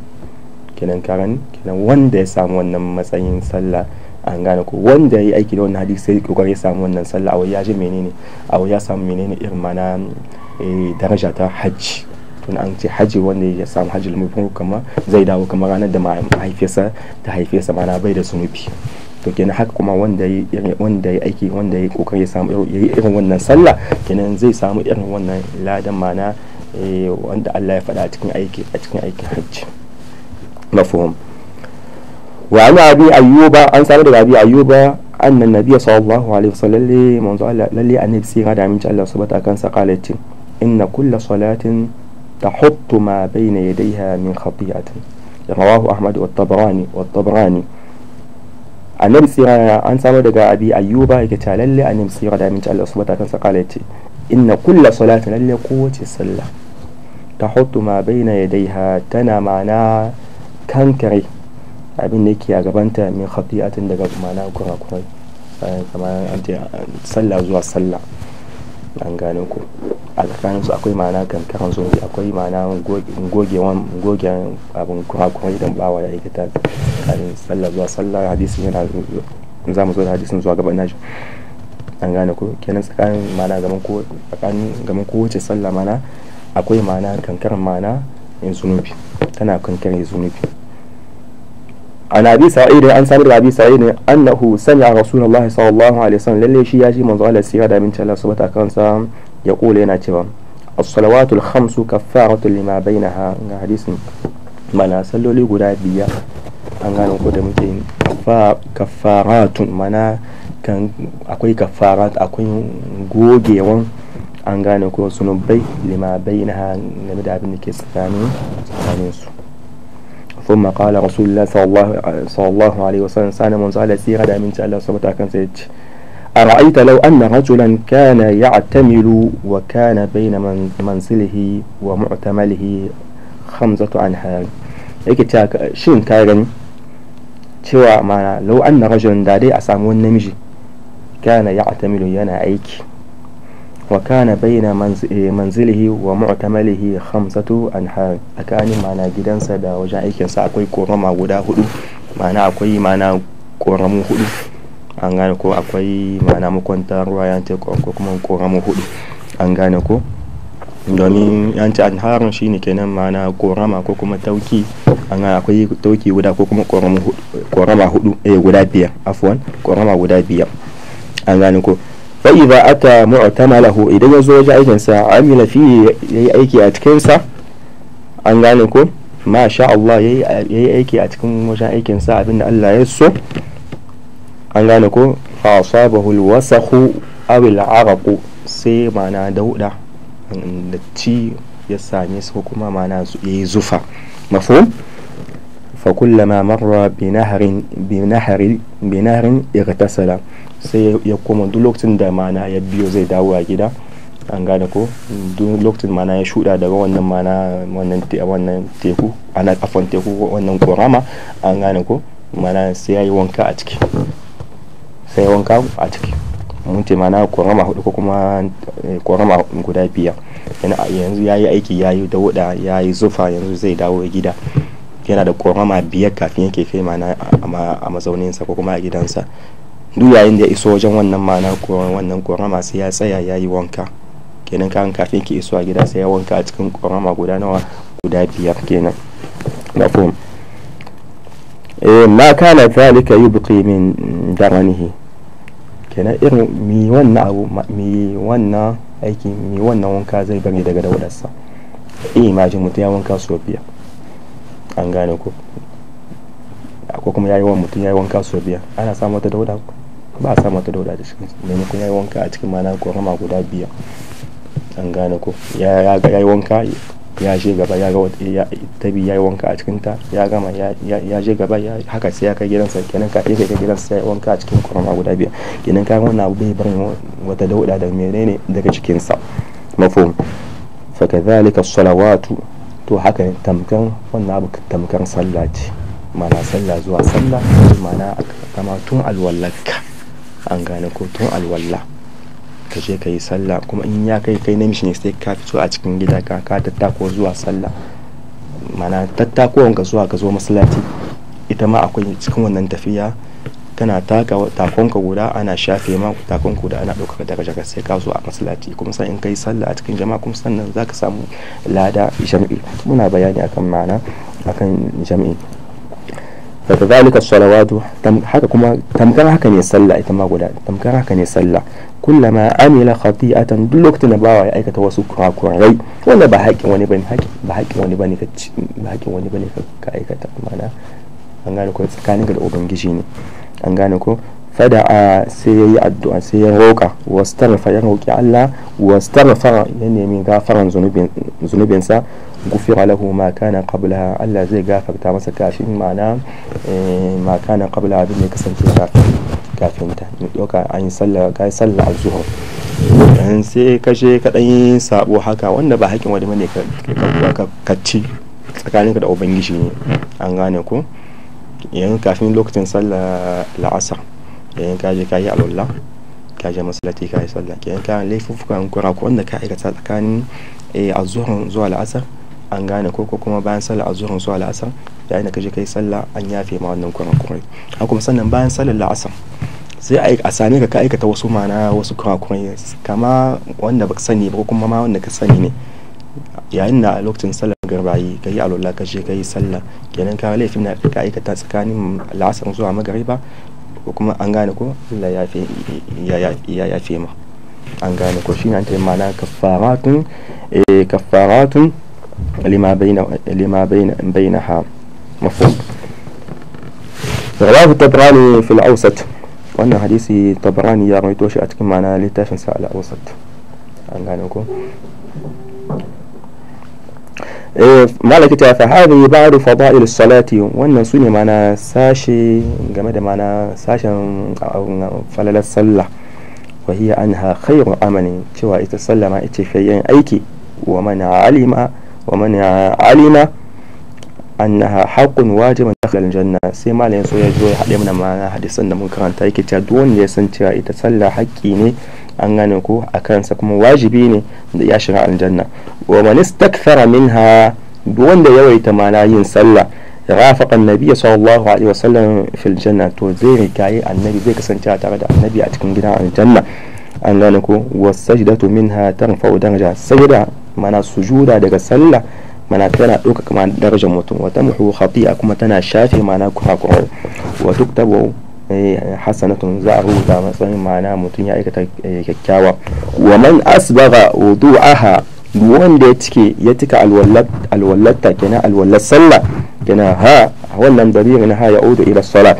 kenan karan kenan wanda ya samu wannan matsayin sallah an gane ko wanda ya yi aiki da wannan hadisi sai kokari ya samu wannan sallah a wai ya ji menene a wai ya samu menene irin mana Eh, daraja ta hajji tun an ce hajji wanda ya samu hajji lamurfin kama zai dawo kamar ranar da mahaifiyarsa ta haifiyarsa mana bai da sunufi to kenan haka kuma wanda ya wanda ya aiki wanda ya kokari ya samu ya yi irin wannan sallah kenan zai samu irin wannan ladan mana eh, wanda Allah ya faɗa a cikin aiki a cikin aikin hajji mafhum wa ana abi ayyuba an samu da abi ayyuba annan nabiyyi sallallahu alaihi wasallam manzo Allah lalle annabi sai ga da aminci Allah subhanahu wa ta'ala kansa qalatin إن كل صلاة تحط ما بين يديها من خطيئة رواه أحمد والطبراني والطبراني annabi tsira an samar daga abi ayyuba yake ta lalle annabi tsira da minci Allah subhanahu kansa kala yace inna kulla salati lalle kowace sallah ta hutu ma baina yadaiha tana ma'ana kankare abin da yake a gabanta min khati'atin daga ma'ana kurakurai kamar an zuwa sallah an gane ku a tsakanin su akwai ma'ana gamtaran zombi akwai ma'ana gogewan gogen abin kuma idan bawa ya aikata karin sallah zuwa sallah hadisin yana za mu zo da hadisin zuwa gaban nashi an gane ko kenan tsakanin ma'ana gaban kowace sallah ma'ana akwai ma'ana kankaran ma'ana in zunubi tana kankare zunubi an da ابي سعيد عن سامر ابي سعيد انه سمع رسول الله صلى الله shi ya للي شي ياجي منزل الله سيرا دا من الله سبحانه وتعالى yaqulu yana cewa as-salawatul khamsu kaffaratu lima bainaha ga hadisin mana salloli guda biyar an gane ko da muke kaffaratun mana kan akwai kaffarat akwai gogewan an gane ko sunubai lima bainaha game da abin da ke tsakani tsakanin su ثم قال رسول الله صلى الله عليه وسلم سانا من سأل سيرة من شاء الله أرأيت لو أن رجلا كان يعتمل وكان بين من منزله ومعتمله خمسة أنهار yake ta shin ka gani cewa mana lau an na rajulun a samu wani namiji kana ya atamilu yana aiki wa kana bayyana manzilihi wa mu'tamalihi khamsatu anhar tsakanin mana gidansa da wajen aikinsa akwai korama guda hudu mana akwai mana koramu hudu an gane ko akwai ma'ana makwanta ruwa ya ce ko kuma koramu hudu an gane ko domin an ce alharin shi ne kenan ma'ana korama ko kuma tauki an gane akwai tauki guda ko kuma korama hudu eh guda biyar afwan korama guda biyar an gane ko fa idza ata mu'tamalahu idan ya zo wajen aikin sa amina fi yi aiki a cikin sa an gane ko ma sha Allah yi aiki a cikin wajen aikin sa abinda Allah ya so an gane ko fa asabahu alwasakhu aw al'araqu sai mana dauda da ci ya same su kuma mana yi zufa mafu fa kullama marra bi naharin bi naharin bi naharin igtasala sai ya koma duk lokacin da mana ya biyo zai dawo a gida an gane ko duk lokacin mana ya shuda daga wannan mana wannan wannan teku ana kafan teku wannan korama an gane ko mana sai ya yi wanka a ciki sai wanka a ciki mun ce ma na hudu ko kuma eh, korama guda biyar yanzu ya yi aiki ya yi dauda ya yi zufa yanzu zai dawo gida yana da korama biyar kafin yake kai mana a mazauninsa ko kuma a gidansa duk yayin da ya iso wajen wannan mana wannan korama sai ya tsaya ya yi wanka kenan kan kafin ki iso a gida sai ya wanka a cikin korama guda nawa guda biyar kenan na Eh, ma kana zalika yi min daranihi kenan irin mi wannan wannan wanka zai bari daga daudarsa eh imajin mutum ya wanka so biya an gane ko ko kuma yayi wani mutum yayi wanka so biya ana samu wata dauda ba a samu wata dauda da shi maimakon yayi wanka a cikin mana korama guda biya an gane ko ya yi wanka ya je gaba ya ga tabi ya yi wanka a cikinta ya gama ya je gaba ya haka sai ya kai gidansa kenan ka kai kai gidansa ya yi wanka a cikin kwarama guda biyar kenan ka wani abu bai barin wata dauda da menene daga cikinsa mafhum fa zalika salawatu to haka ne tamkan wannan abu tamkan sallah ce mana sallah zuwa sallah mana kama tun alwallaka an gane ko tun alwallaka ka je ka yi sallah kuma in ya kai kai na ne sai ka fito a cikin gida ka ka tattako zuwa sallah mana tattakowar ka zuwa ka zo masallaci ita ma akwai cikin wannan tafiya kana taka takonka guda ana shafe ma takonka guda ana ɗaukaka daga jaka sai ka zo a masallaci kuma sai in kai sallah a cikin jama'a kuma sannan zaka samu lada jami'i muna bayani akan ma'ana akan jami'i daga zalika salawatu haka kuma tamkar haka ne sallah ita ma guda tamkar haka ne sallah kullama amila khati'atan duk lokacin da bawa ya aikata wasu kurakurai wanda ba haƙin wani bane ba haƙin wani bane ka ba haƙin wani bane ka aikata mana an gane ko tsakaninka da ubangiji ne an gane ko a sai ya yi addu'a sai ya roƙa wastarfa ya roƙi Allah wastarfa ya nemi gafaran zunubinsa gufira lahu ma kana qabla Allah zai gafarta masa kafin ma'ana ma kana qabla abin ne kasance kafin ta doka an yi sallah ka yi sallah al-zuhr sai kashe ka dan sabo haka wanda ba hakkin wani ne ka ka ci tsakaninka da ubangiji ne an gane ku yan kafin lokacin sallah la'asar yan kaje ka yi kaje ka kai ka yi sallah kai ka laifuffukan kura ko wanda ka aikata tsakanin a zuwa la'asar an gane ko ko kuma bayan sallah azuhur zuwa la'asar yayin da kaje kai sallah an yafe ma wannan kurakurai haka kuma sannan bayan sallar la'asar sai a same ka ka aikata wasu mana wasu kurakurai kama wanda baka sani ba ko kuma ma wanda ka sani ne yayin da a lokacin sallar garbayi ka yi alwala ka je ka yi sallah kenan ka laifin na ka aikata tsakanin la'asar zuwa magariba ko kuma an gane ko Allah ya yafe ma an gane ko shine an tayi ma'ana kafaratun eh, kafaratun لما بين لما بين بينها مفهوم رواه الطبراني في الأوسط وأن حديث طبراني يا رويت وشي أتكلم معنا لتافن ta fahari ba da salati wannan sune ne sashe game da mana sashen falalar sallah wa hiya anha khairu amali cewa ita sallama ita fayyan aiki wa mana alima ومن علم annaha haqqun wajibun dakhala aljanna sai malamin so ya zo ya haɗe mana mana hadisan da mun karanta yake cewa duk wanda ya san cewa ita sallah haƙƙi ne an gane ko a kansa kuma wajibi ne da ya shiga aljanna wa man istakthara minha duk wanda yawaita mana yin sallah rafaqa annabi sallallahu alaihi wasallam fil janna to zai rigaye annabi zai kasance tare da annabi a cikin gidan aljanna an gane ko wasajidatu minha tarfa'u daraja sajda mana sujuda daga sallah mana tana doka ma darajar mutum wata muhu khati'a kuma tana shafe mana kurakurai wa tuktabu eh, hasanatun za a rubuta matsayin mana mutum ya aikata eh, kyakkyawa wa man asbaga wudu'aha wanda ya cike ya cika alwallatta kenan alwallar sallah kenan ha wannan dalilin ha ya udu ila sala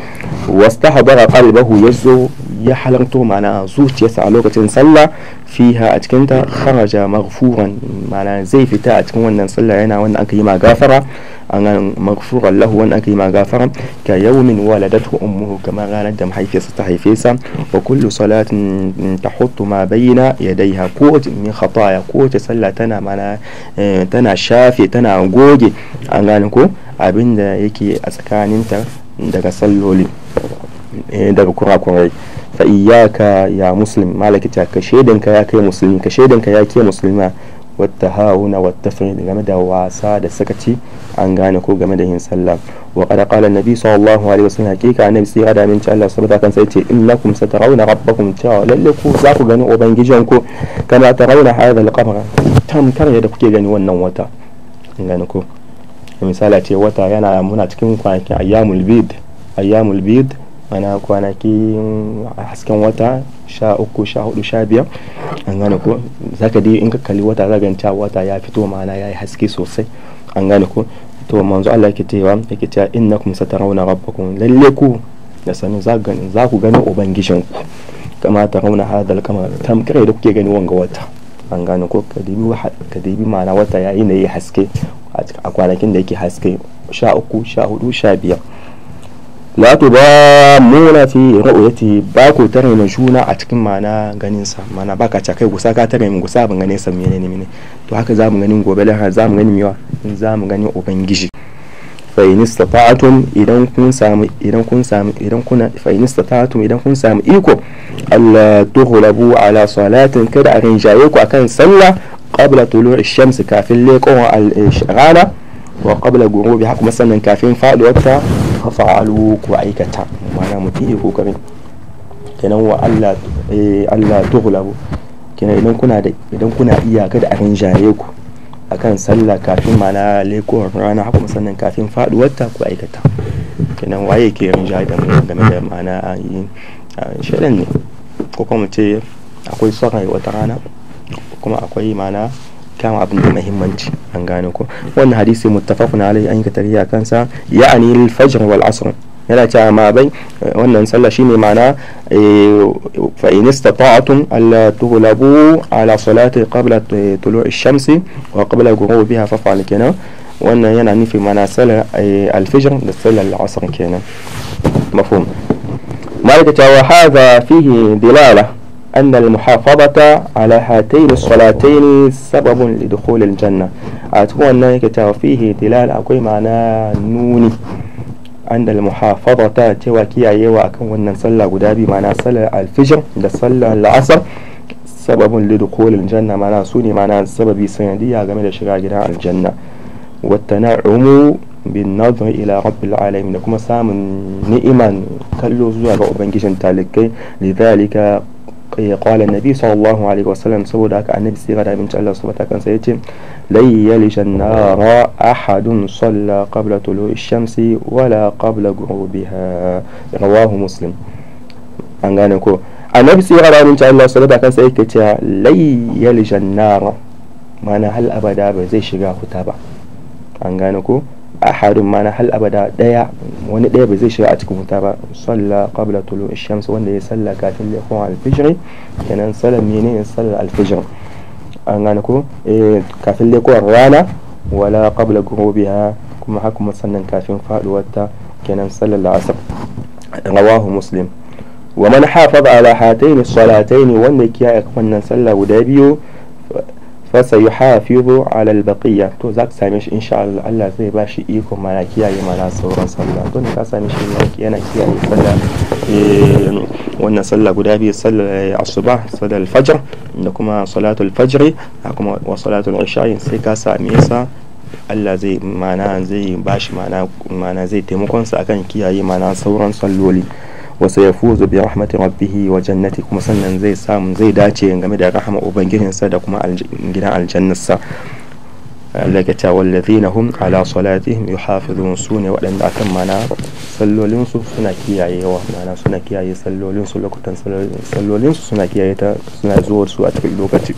wastahdara qalbahu yazo ya halarto mana zuciyarsa a lokacin sallah fiha a cikin ta kharaja maghfuran ma'ana zai fita a cikin wannan sallah yana wannan aka yi ma gafara an nan maghfuran lahu aka yi ma gafara ka yawmin waladatu ummuhu kama ranar da mahaifiyarsa ta haife sa wa kullu salatin tahuttu ma bayyana yadaiha ko min khataya ko ta sallah tana mana eh, tana shafe tana goge an gane ko abinda yake a tsakaninta daga salloli eh, daga kurakurai fa iyaka ya muslim malaki ta ka shaidanka ya kai musulmi ka shaidanka ya ke musulma wata hauna wata fahimta game da wasa da sakaci an gane ko game da yin sallah wa biyu qala nabi sallallahu alaihi wasallam hakika annabi sai da min Allah subhanahu kan sai ce innakum satarawna rabbakum cewa lalle ku za ku gani ubangijin ku kama tarawna hadha al-qamara tamkar yadda kuke gani wannan wata an gane ko misali ce wata yana muna cikin kwanakin ayyamul bid ayyamul bid mana kwanaki hasken wata sha uku sha hudu sha biyar an gane ko zaka dai in ka kalli wata zaka ta wata ya fito ma'ana ya yi haske sosai an gane ko to manzo Allah yake cewa yake cewa innakum satarawna rabbakum lalle ku da sanin za ku gani za ku gani ubangijin ku kama ta rauna hadal kama tamkare da kuke gani wanga wata an gane ko ka dibi ma'ana wata yayi ne haske a kwanakin da yake haske sha uku sha hudu sha biyar la ba muna fi ru'yati ba ku tare na juna a cikin mana ganin sa mana ba ka cakai gusa ka tare min gusa ban ganin sa mu ne ne to haka za mu ganin gobe lahar za mu ganin miwa za mu ganin ubangiji fa in istata'tum idan kun samu idan kun samu idan kuna fa in istata'tum idan kun samu iko Allah tuhlabu ala salatin kada a rinjaye ku akan sallah qabla tulu'i shamsi kafin leqon al-rana eh, wa qabla ghurubi kuma sannan kafin faduwar ta fa'alu ku aikata ma'ana mutum ya kokarin kenan wa Allah eh, Allah tughlabu kenan idan kuna da idan kuna iyaka da akan jaye ku akan sallah kafin mana lekowar rana kuma sannan kafin fadu wata ku aikata kenan waye ke yin jaye game da yin shirin ne ko kuma ce akwai son wata rana kuma akwai ma'ana kama abin da muhimmanci an gane ko wannan hadisi muttafaqun alaihi an yi katariya kansa ya'ani al-fajr wal asr yana cewa ma bai wannan sallah shine ma'ana fa in istata'tum alla tughlabu ala salati qabla tulu'i shamsi wa qabla ghurubiha fa fa'al kenan wannan yana nufi mana sallar alfijir da sallar al'asar kenan mafhum malika cewa hadha fihi dilala أن المحافظة على هاتين الصلاتين سبب لدخول الجنة أتبع أن كتاب فيه دلال أقوي معنى نوني عند المحافظة توا كيا يوا أكون ونن صلى قدابي معنى صلى الفجر ده صلى العصر سبب لدخول الجنة معنى سوني معنى سبب سندية جميل شراء جراء الجنة والتنعم بالنظر إلى رب العالمين كما سام نئما كله زوا بنجيش تالكي لذلك Eh, qala nabi sallallahu alaihi wasallam saboda haka annabi sai da abinci Allah subhanahu wa ta'ala yace lai yalisha nara ahadun salla qabla tulu'i shamsi wala qabla ghurubiha rawahu muslim an gane ko annabi sai da abinci Allah subhanahu wa ta'ala yake cewa lai yalisha nara mana hal abada ba zai shiga huta ba an gane ko a harin mana hal abada daya wani daya bai zai shiga a cikin wuta ba salla qabla tulu shams wanda ya sallah kafin ya kuma alfijiri kenan sallar menene sallar alfijir an gane ko eh, kafin lekowar rana wala qabla gurubiha kuma haka kuma sannan kafin faduwarta kenan sallar la'asar rawahu muslim wa man hafaza ala hataini salataini wanda kiyaye wannan sallah guda biyu fasa yi hafizu alal baqiya to za ka same shi insha Allah Allah zai ba shi iko mana kiyaye mana sauran sallah to ne ka same shi yana kiyaye sallah eh, wannan sallah guda biyu sallar eh, asuba sallar fajr da kuma salatu fajr da kuma wa salatul isha'i sai ka same sa Allah zai mana zai bashi mana mana zai taimakon sa akan kiyaye mana sauran salloli wasu ya fuzu bi rahmatin rabbihi wa jannati kuma sannan zai samu zai dace game da rahama ubangijinsa da kuma gidan aljannarsa lagata na hum ala salatihim yuhafizun su ne waɗanda akan mana sallolinsu suna kiyayewa mana suna kiyaye sallolinsu lokutan sallolinsu suna kiyaye ta suna zuwa su a cikin lokaci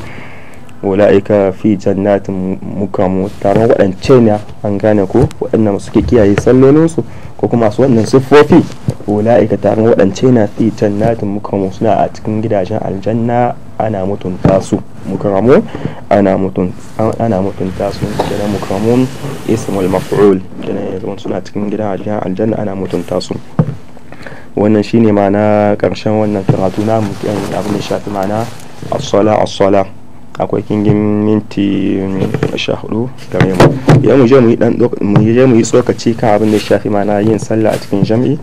ula'ika fi jannatin mukamu taron waɗance ne an gane ko waɗannan ke kiyaye sallolinsu ko kuma su wannan siffofi ula'ika taron waɗance na fi jannatin mukamu suna a cikin gidajen aljanna ana mutunta su mukamu ana mutunta su kenan mukamu ismul maf'ul kenan yanzu suna cikin gidajen aljanna ana mutunta su wannan shine na karshen wannan karatu na abin da shafi ma na asala asala. akwai kingin minti sha hudu game mu ya mu je mu yi dan mu yi tsokaci kan abin da ya shafi mana yin sallah a cikin jam'i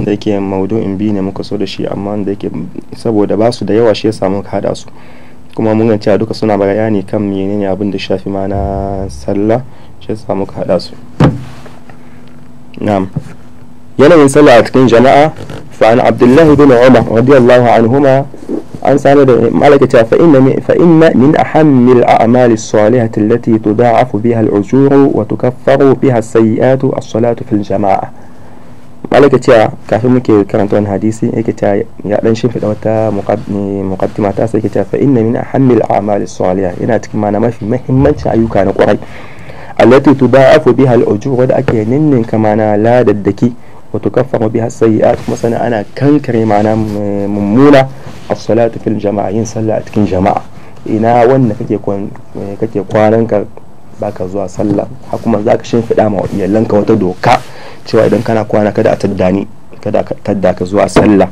da yake maudu'in bi ne muka so da shi amma da yake saboda ba su da yawa shi ya samu ka hada su kuma mun ga duka suna bayani kan menene abin da shafi mana sallah shi ya samu ka hada su na'am yanayin sallah a cikin jama'a fa an abdullahi bin umar radiyallahu anhuma أن سأل ملكة فإن من, فإن من أهم الأعمال الصالحة التي تضاعف بها الأجور وتكفر بها السيئات الصلاة في الجماعة ملكة يا كافي مكي كرنتون حديثي إيكي تا يأدن شين في دوتا مقدمة تاسي فإن من أهم الأعمال الصالحة إنا ما في مهمة أيو كان قري التي تضاعف بها الأجور ودأكي نن كمانا لا ددكي kafa tukaffaru biha sayyi'at kuma sana ana kankare mana eh, mummuna as-salatu fil jama'a yin sallah a cikin jama'a ina wanda kake eh, kake kwanan ka baka zuwa sallah har kuma zaka shimfiɗa ma ka wata doka cewa idan kana kwana kada a taddani kada ka tadda ka zuwa sallah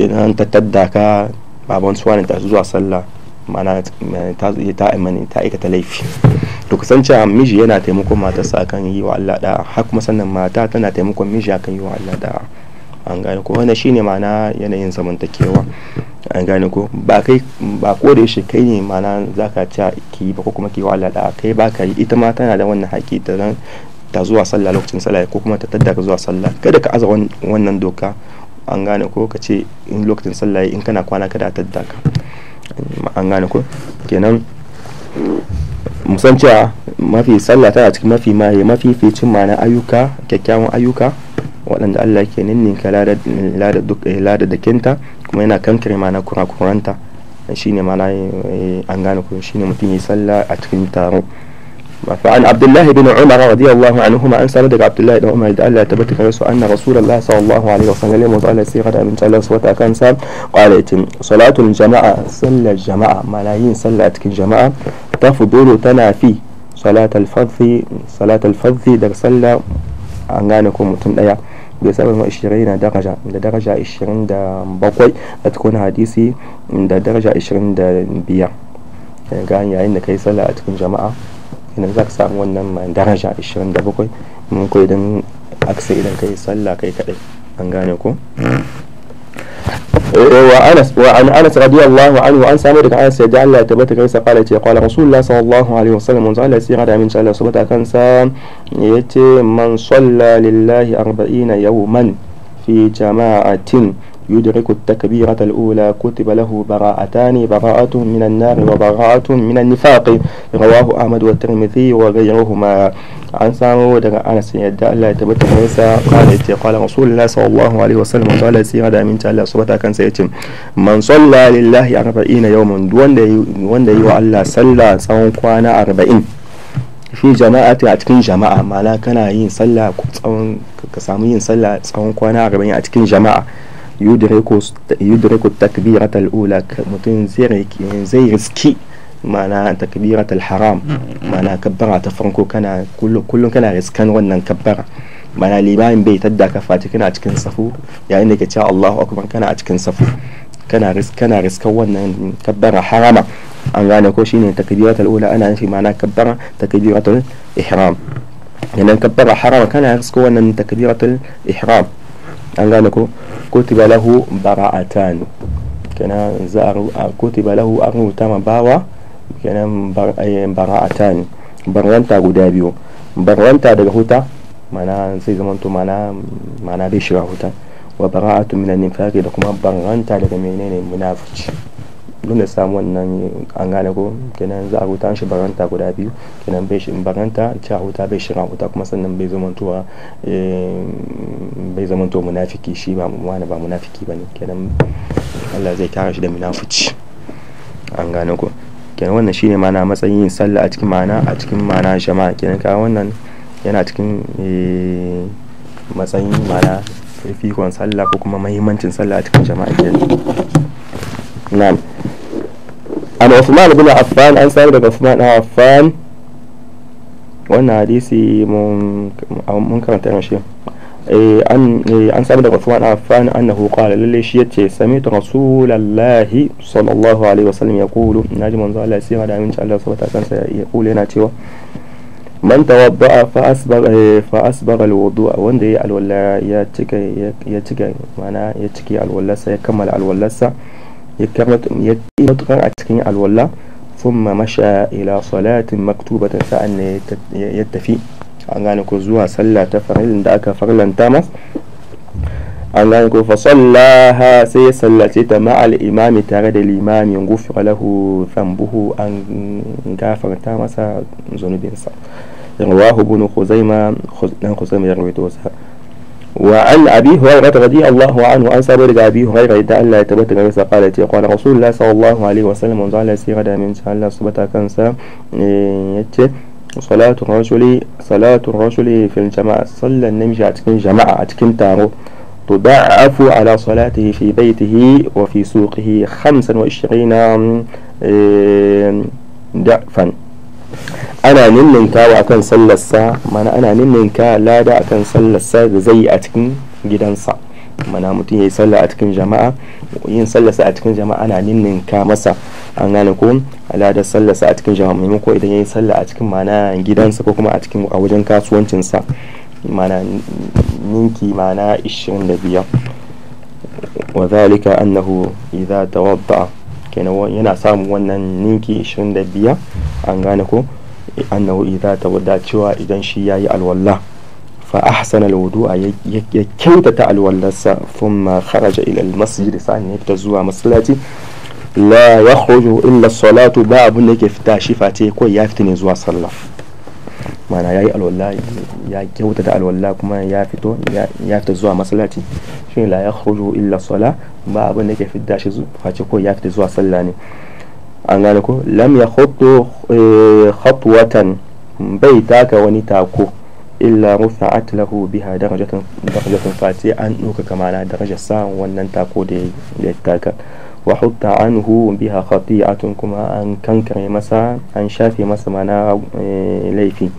idan ta tadda ka baban suwanin ta zuwa sallah ma'ana eh, ta ta aikata laifi to kasance a miji yana taimakon matarsa akan yi wa Allah da'a har kuma sannan mata tana taimakon miji akan yi wa Allah da'a an gane ko wannan shine ma'ana yanayin zamantakewa an gane ko ba kai ba ko da yaushe kai ne ma'ana zaka ci ki ba ko kuma ki wa Allah da'a kai ba ka yi ita ma tana da wannan haƙi ta zan ta zuwa sallah lokacin sallah ko kuma ta tadda ka zuwa sallah kada ka aza wannan doka an gane ko ka ce in lokacin sallah in kana kwana kada ta tadda ka an gane ko kenan musan cewa mafi sallah tana cikin mafi mahe mafi ficin ma'ana ayyuka kyakkyawan ayyuka waɗanda Allah ke ninninka lada da eh, kinta kuma yana kankare ma'ana kurakuranta shine ma'ana eh, an gane kuma shine mutum ya sallah a cikin taro فعن عبد الله بن عمر رضي الله عنهما أن سند عبد الله بن عمر قال لا أن رسول الله صلى الله عليه وسلم وقال سيغة من جل وسوة كنسا قالت صلاة الجماعة صلى الجماعة ملايين صلات الجماعة تفضل تنافي صلاة الفض صلاة الفض در صلى غانكم متن بسبب وعشرين درجة من درجة عشرين دا بقوي تكون حديثي من درجة عشرين دا بيا يعني يعني انك يصلى جماعة idan za ka samu wannan ma daraja 27 mun koyi don aksa idan kai sallah kai kadai an gane ko eh, wa an anas radiyallahu anhu an samu daga anas da Allah ya tabbata kai safa da ce qala rasulullahi sallallahu alaihi wasallam wa zalla sira da min sallah subata kansa yace man salla lillahi 40 yawman fi jama'atin يدرك التكبيرة الأولى كتب له براءتان براءة من النار وبراءة من النفاق رواه أحمد والترمذي وغيرهما عن سامو عن سيد يدعى الله يتبت موسى قال قال رسول الله صلى الله عليه وسلم قال سيرة من تعالى صبتا كان سيتم من صلى لله أربعين يوما وان دي الله صلى سوى كوانا أربعين في جماعة أتكين جماعة ما لا كان yin sallah tsawon ka samu أربعين أتكين جماعة يدرك التكبيرة الأولى متين زيري زي سكي تكبيرة الحرام معنا كبرة تفرنكو كان كل كل كان رزقان ونن كبرة معناها الإمام بي تدى كفاتي كان أتكن صفو يعني إنك تيا الله أكبر كان أتكن صفو كان رزق كان رزق ونن كبرة حرام أنا أنا يعني كو التكبيرة الأولى أنا في معنا كبرة تكبيرة الإحرام يعني كبرة حرام كان رزق ونن تكبيرة الإحرام an gane ko kutiba lahu bara'atan kenan za a kutiba lahu an rubuta ma bawa kenan eh, bara'atan barwanta guda biyu barwanta daga huta mana zai zama to mana mana bai shiga huta wa bara'atu minan nifaqi da kuma barwanta daga menene munafici dole samu wannan an gane ko kenan za a rubuta shi baranta guda biyu kenan bai shi baranta ci a huta bai shi rahuta kuma sannan bai zamantowa eh, bai zamantowa munafiki shi ba wani ba munafiki ba ne kenan Allah zai kare shi da munafici an gane ko kenan wannan shine ma'ana matsayin sallah a cikin ma'ana a cikin ma'ana jama'a kenan ka wannan yana cikin eh, matsayin ma'ana fifikon sallah ko kuma mahimmancin sallah a cikin jama'a kenan na'am an bin Affan an sami daga Uthman bin Affan wannan hadisi mun karanta shi an sami daga Uthman Affan annahu qala lalle shi yace sami'tu rasulullahi sallallahu alaihi wasallam yaqulu naji manzo Allah sai ma da Allah subhanahu wa ya kula yana cewa man tawadda'a fa asbagha fa asbagha alwudu'a wanda alwala ya cika ya mana ya ciki alwallarsa ya kammala alwallarsa يكرت يدق عسكري على الولا ثم مشى الى صلاة مكتوبة فان يتفي عن كوزوها صلى تفرل داك فرلا تامس عن فصلاها سي صلاتي مع الامام تارد الامام ينغفر له ذنبه ان غافر تامس زنوبين صح رواه ابن خزيمة خزيمة يروي توسها وعن أبي هريرة رضي الله عنه عن سابر أبي هريرة ان لا يتبت النبي قالت قال رسول الله صلى الله عليه وسلم من جعل سيرة من شاء الله سبتا كنسا صلاة الرجل صلاة الرجل في الجماعة صلى النمجة أتكن جماعة أتكن تارو تضعف على صلاته في بيته وفي سوقه خمسا وعشرين ضعفا ana ninninkawa akan sallarsa mana ana ninninka lada akan sallarsa da zai yi a cikin gidansa mana mutum ya yi sallah a cikin jama'a yin sallarsa a cikin jama'a ana ninninka masa an gane ko lada sallarsa a cikin jama'a maimako idan ya yi sallah a cikin mana gidansa ko kuma a cikin a wajen kasuwancinsa mana ninki mana 25 wa zalika annahu idza tawadda kenan yana samun wannan ninki 25 an gane ko annahu idza tawadda cewa idan shi yayi alwalla fa ahsana alwudu ya kyautata alwallarsa thumma kharaja ila almasjid sa'an ya fita zuwa masallaci la yakhruju illa salatu ba abun da yake fita shi face kawai ya fita ne zuwa sallah mana ya yi alwallah ya kyauta da kuma ya fito ya fita zuwa masallaci shi ne la ya illa sala ba abin da ke fidda shi face ko ya fita zuwa sallah ne an gane ko lam ya eh, khatwatan bai taka wani tako illa rufa'at lahu biha darajatan darajatan fati an nuka kamana darajar sa wannan tako da ya taka wa hutta anhu a tun kuma an kankare masa an shafe masa mana laifi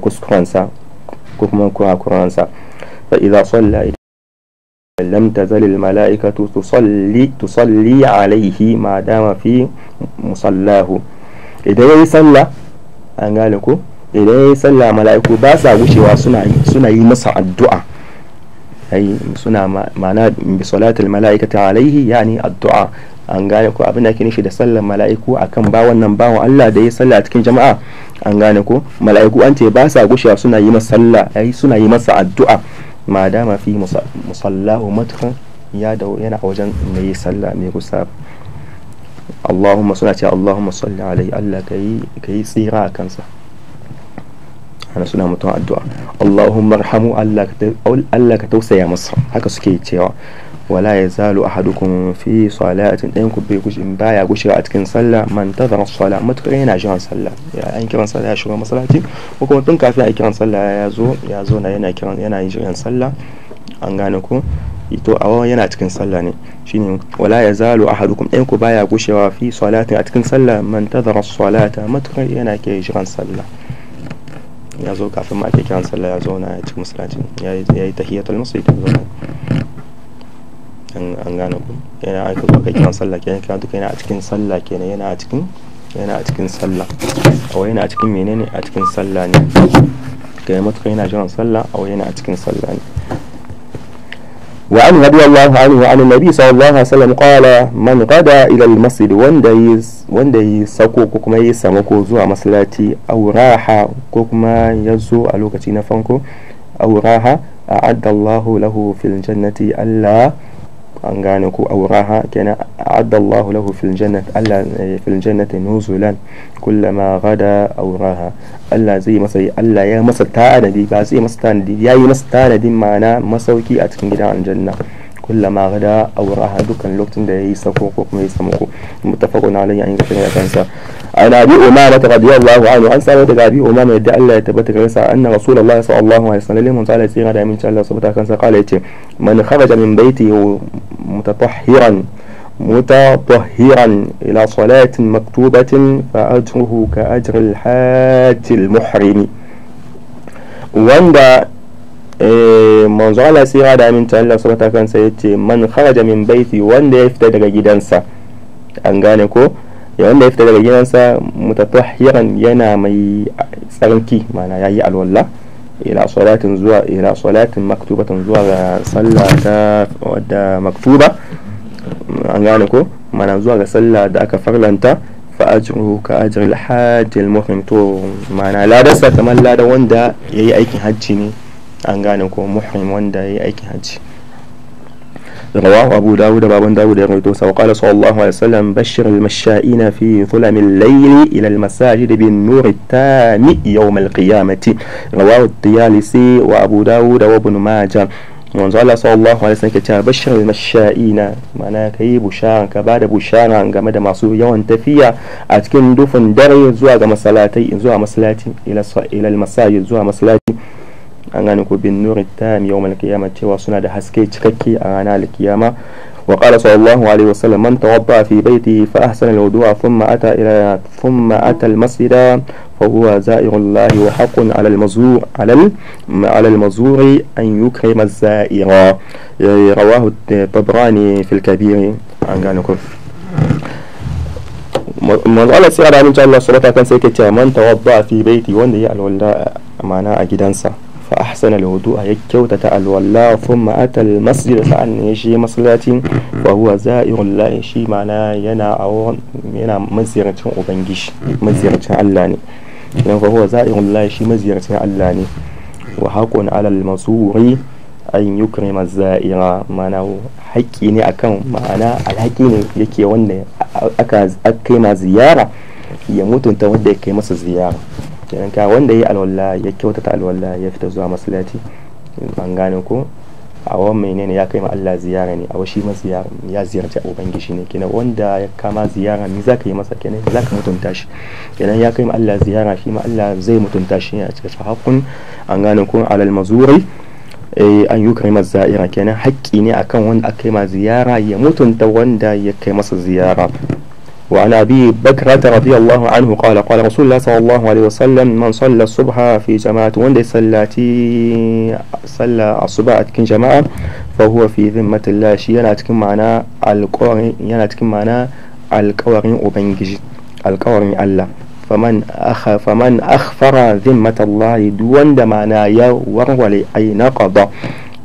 kuskurensa ko kuma kurakuransa fa idza salla lam tazal al mala'ikatu tusalli tusalli alayhi ma dama fi musallahu idan yayi salla an gane ko idan yayi salla mala'iku ba sa wucewa suna yi masa addu'a ai suna ma'ana bi salatul mala'ikati alaihi yani addu'a an gane ko abin da ake nishi da sallar mala'iku akan ba wannan bawan Allah da ya salla cikin jama'a an gane ko mala'iku an ce ba sa gushewa suna yi masa sallah ai suna yi masa addu'a ma dama fi wa matkan ya da yana a wajen mai sallah mai kusa Allahumma suna ce Allahumma salli alaihi Allah ka yi tsira a kansa ana suna mutuwa addu'a Allahumma arhamu Allah ka tausaya masa haka suke cewa wala ya zalu a ahadukum fi salatin ɗayan ku bai gushi baya gushi a cikin sallah man tazara sala matukar yana jiran sallah ya an kiran sallah ya shiga masallaci ko kuma tun kafin a kiran sallah ya zo ya zo na yana kiran yana jiran sallah an gane ku ito a yana cikin sallah ne shine wala ya zalu a ahadukum ɗayan ku ba ya gushewa fi salatin a cikin sallah man tazara ta matukar yana ke jiran sallah ya zo kafin ma ake kiran sallah ya zauna ya ci masallacin ya yi tahiyatul masjid ya zo an gane ku yana aiki zo kai kiran sallah kenan kiran duka yana a cikin sallah kenan yana a cikin yana a cikin sallah a wai yana a cikin menene a cikin sallah ne ga matuka yana jiran sallah a wai yana a cikin sallah ne وعن رضي الله عنه عن النبي صلى الله عليه وسلم قال من wanda yi wanda yi sako ko kuma yi samako zuwa masallaci aw raha ko kuma ya zo a lokaci na fanko aw a a'adda Allahu lahu fil jannati Allah an gane ko auraha kenan a'adda Allahu lahu fil jannati Allah eh, fil jannati nuzulan kullama ghada auraha Allah zai masa Allah ya masa tanadi ba zai masa tanadi yayi masa tanadin ma'ana masauki a cikin gidan aljanna كل ما غدا او راه دوك الوقت اللي يسكو كوك ما يسمكو متفق عليه يعني كتير يا كانسا أنا ابي امامه رضي الله عنه عن سالت ابي امامه يدعي الله يثبت كانسا ان رسول الله صلى الله عليه وسلم لم يقل شيء غدا إن شاء الله صبت كانسا قال ايتي من خرج من بيته متطهرا متطهرا الى صلاه مكتوبه فاجره كاجر الحاج المحرم وعند Eh, manzo Allah sira da aminta Allah su ta kansa ya ce man kharaja min baiti wanda ya fita daga gidansa an gane ko ya wanda ya fita daga gidansa mutatahhiran yana mai tsarki mana yayi alwala ila salatin zuwa ila salatin maktubatan zuwa ga sallah ta wadda maktuba an gane ko mana zuwa ga sallah da aka farlanta fa ajruhu ka hajj al muhim to mana ladarsa kamar ladan wanda yayi aikin hajji ne an gane ko muhrim wanda ya yi aikin hajji رواه أبو داود باب داود يرويته وقال صلى الله عليه وسلم بشر المشائين في ظلم الليل إلى المساجد بالنور التام يوم القيامة رواه الطيالسي وأبو داود وابن ماجه manzo Allah sallallahu alaihi wasallam ke cewa bashar mana kai bushara ka bada bushara game da masu yawan tafiya a cikin dufin dare zuwa ga masallatai zuwa masallati masajid zuwa masallati أنا نقول بالنور التام يوم القيامة تشوى سنة حسكي تشككي أنا القيامة وقال صلى الله عليه وسلم من توضع في بيته فأحسن الوضوء ثم أتى إلى ثم أتى المسجد فهو زائر الله وحق على المزور على على المزور أن يكرم الزائر رواه الطبراني في الكبير عن كف مظلة سيارة من جاء الله صلى الله عليه وسلم من توضع في بيته وندي ولا معناه أجدانسا fa ahsana alwudu'a ya kyautata alwalla thumma ata almasjid sa'an ya shi masallaci ba huwa za'irul lahi shi ma'ana yana yana maziyarcin ubangiji maziyarcin Allah ne idan ba huwa za'irul lahi shi maziyarcin Allah ne wa haqqun alal masu wuri a yin masuri an yukrima za'ira mana haƙƙi ne akan ma'ana alhaƙi ne yake wanda aka yi ma ziyara ya mutunta wanda ya kai masa ziyara kenan ka wanda yi alwallah ya kyautata alwallah ya fita zuwa masallaci an gane ko a wani menene ya kai ma Allah ziyara ne a wa shi ma ziyara ya ziyarci ubangiji ne kenan wanda ya kama ziyara ni zaka yi masa kenan zaka mutunta shi kenan ya kai ma Allah ziyara shi ma Allah zai mutunta shi a cikin hakkun an gane ko alal mazurai eh, an yi kai masa za'ira kenan haƙƙi ne akan wanda aka yi ma ziyara ya mutunta wanda ya kai masa ziyara وعن أبي بكرة رضي الله عنه قال قال رسول الله صلى الله عليه وسلم من صلى الصبح في جماعة وندي صلاتي صلى الصبح أتكن جماعة فهو في ذمة الله شي أنا أتكن معنا القوري أنا أتكن معنا القوري أبنجي القوري الله فمن أخ فمن أخفر ذمة الله دون معنا يا ورولي أي نقض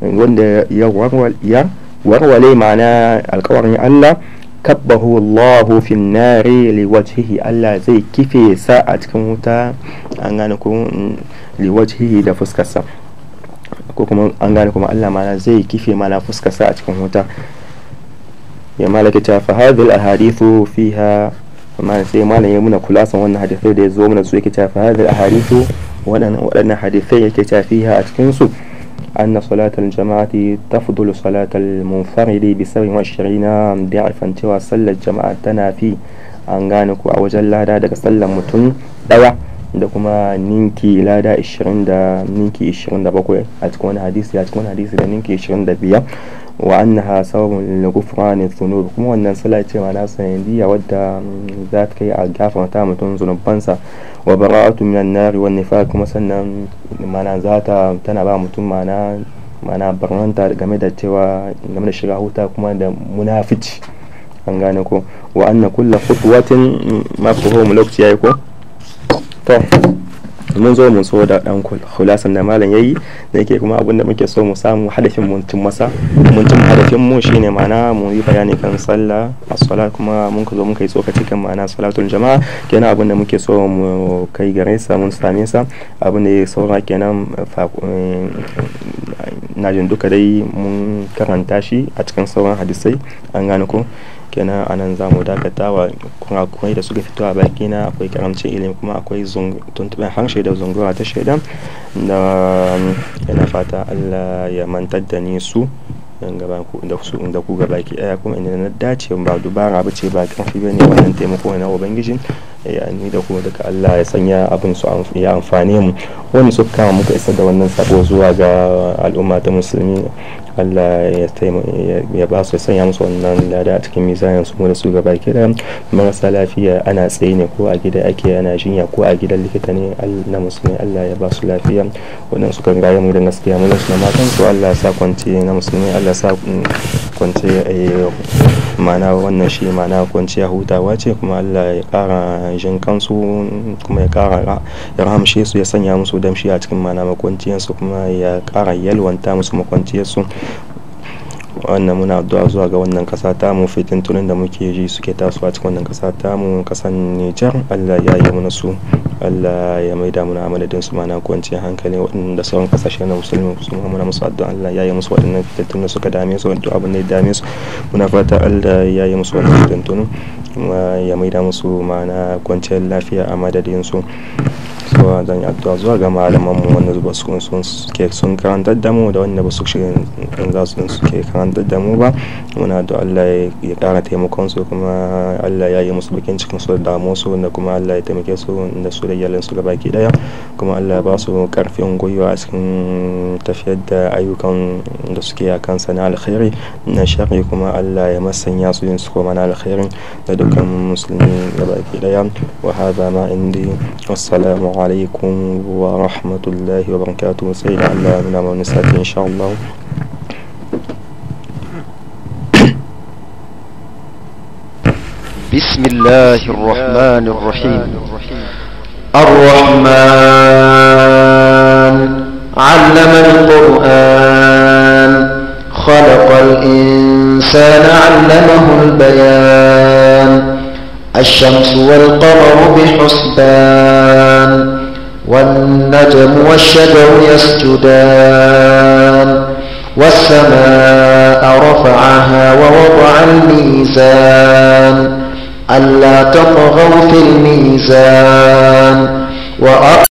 وند يا ورولي يا ورولي معنا القوري الله kabbahu Allahu fi nari liwajhihi Allah zai kife sa a cikin wuta an gane ko liwajhihi da fuskarsa ko kuma an gane kuma Allah mana zai kife mana fuskarsa a cikin wuta ya malaka ta fa hadhihi alhadithu fiha amma sai mana ya muna kulasan wannan hadisai da ya zo mana su yake ta fa hadhihi alhadithu waɗannan hadisai yake ta fiha a cikin su أن صلاة الجماعة تفضل صلاة المنفرد بسبع وعشرين ضعفا cewa sallar jama'a tana fi an gane ko a wajen lada daga sallar mutum ɗaya da kuma ninki lada 27 a wani hadisi da ninki 25 wa annaha sababun lil-ghufrani kuma wannan sala ce ma na diya wadda mm, za ta kai a gafarta mutum zunubansa wa bara'atu minan nari wan nifaq kuma sannan mana za ta tana ba mutum mana mana barnanta game da cewa game da shiga huta kuma da munafici an gane ko wa anna kullu khutwatin mafhum mm, lokaci yayi ko mun zo mun so da dan khulasan da malam yayi da yake kuma abin da muke so mu samu hadafin mun cin masa mun cin hadafin mu shine ma'ana mu yi bayani kan sallah as kuma mun ka zo mun kai tsokaci kan ma'ana salatul jama'a kenan abin da muke so mu kai gare sa mun same sa abin da ya saura kenan eh, na jin duka dai mun karanta shi a cikin sauran hadisai an gane ko kenan a nan za mu dakatawa kurakurai da suka fito a baki na akwai karamcin ilimi kuma akwai tuntuɓen harshe da zunguwa ta shaidan da yana fata allah ya mantar da ni su nan ku da su inda ku gaba ki kuma inda na dace ba dubara ba ce ba karfi ba ne wannan taimako na ubangijin ya eh, ni da kuma daga Allah ya sanya abin su ya amfane mu wani su kama muka isa da wannan sabo zuwa ga al'umma ta musulmi Allah ya ba su sanya musu wannan lada a cikin mizanin su da su gaba ki daya marasa lafiya ana tsaye ne ko a gida ake ana jinya ko a gidan likita ne na musulmi Allah ya ba su lafiya wannan su kan gaya mu da gaskiya mu da su matan su Allah ya sa kwanci na musulmi Allah na sa kwanciya eh, mana wannan shi ma'ana kwanciya hutawa ce kuma Allah ya kara jin kansu kuma ya ƙara ya rahamshe su ya sanya musu damshi a cikin mana makwanciyarsu kuma ya kara yalwanta musu makwanciyarsu wannan muna addu'a zuwa ga wannan kasa ta mu fitintunan da muke ji suke a cikin wannan kasa ta mu kasan Nijar Allah ya yi mana su Allah ya maida muna amaladin su mana kwanci hankali waɗanda sauran kasashen na musulmi su muna musu addu'a Allah ya yi musu waɗannan da suka dame su wanda abin da ya dame su muna fata Allah ya yi musu waɗannan fitintunan ya maida musu mana kwanciyar lafiya a madadin su cewa zan yi addu'a zuwa ga malaman mu wanda ba su sun ke sun karantar da mu da wanda ba su za su ke karantar da mu ba muna da Allah ya kara taimakon su kuma Allah ya yi musu bakin cikin su da damu su da kuma Allah ya taimake su da su da iyalan su gabaki daya kuma Allah ya ba su karfin gwiwa a cikin tafiyar da ayyukan da suke a kansa na alkhairi na shari kuma Allah ya masanya su yin su kuma na alkhairin da dukkan musulmi gabaki daya wa hada ma indi wassalamu عليكم ورحمة الله وبركاته وسيلة على من أمام إن شاء الله بسم الله الرحمن الرحيم الرحمن علم القرآن خلق الإنسان علمه البيان الشمس والقمر بحسبان والنجم والشجر يسجدان والسماء رفعها ووضع الميزان ألا تطغوا في الميزان وأ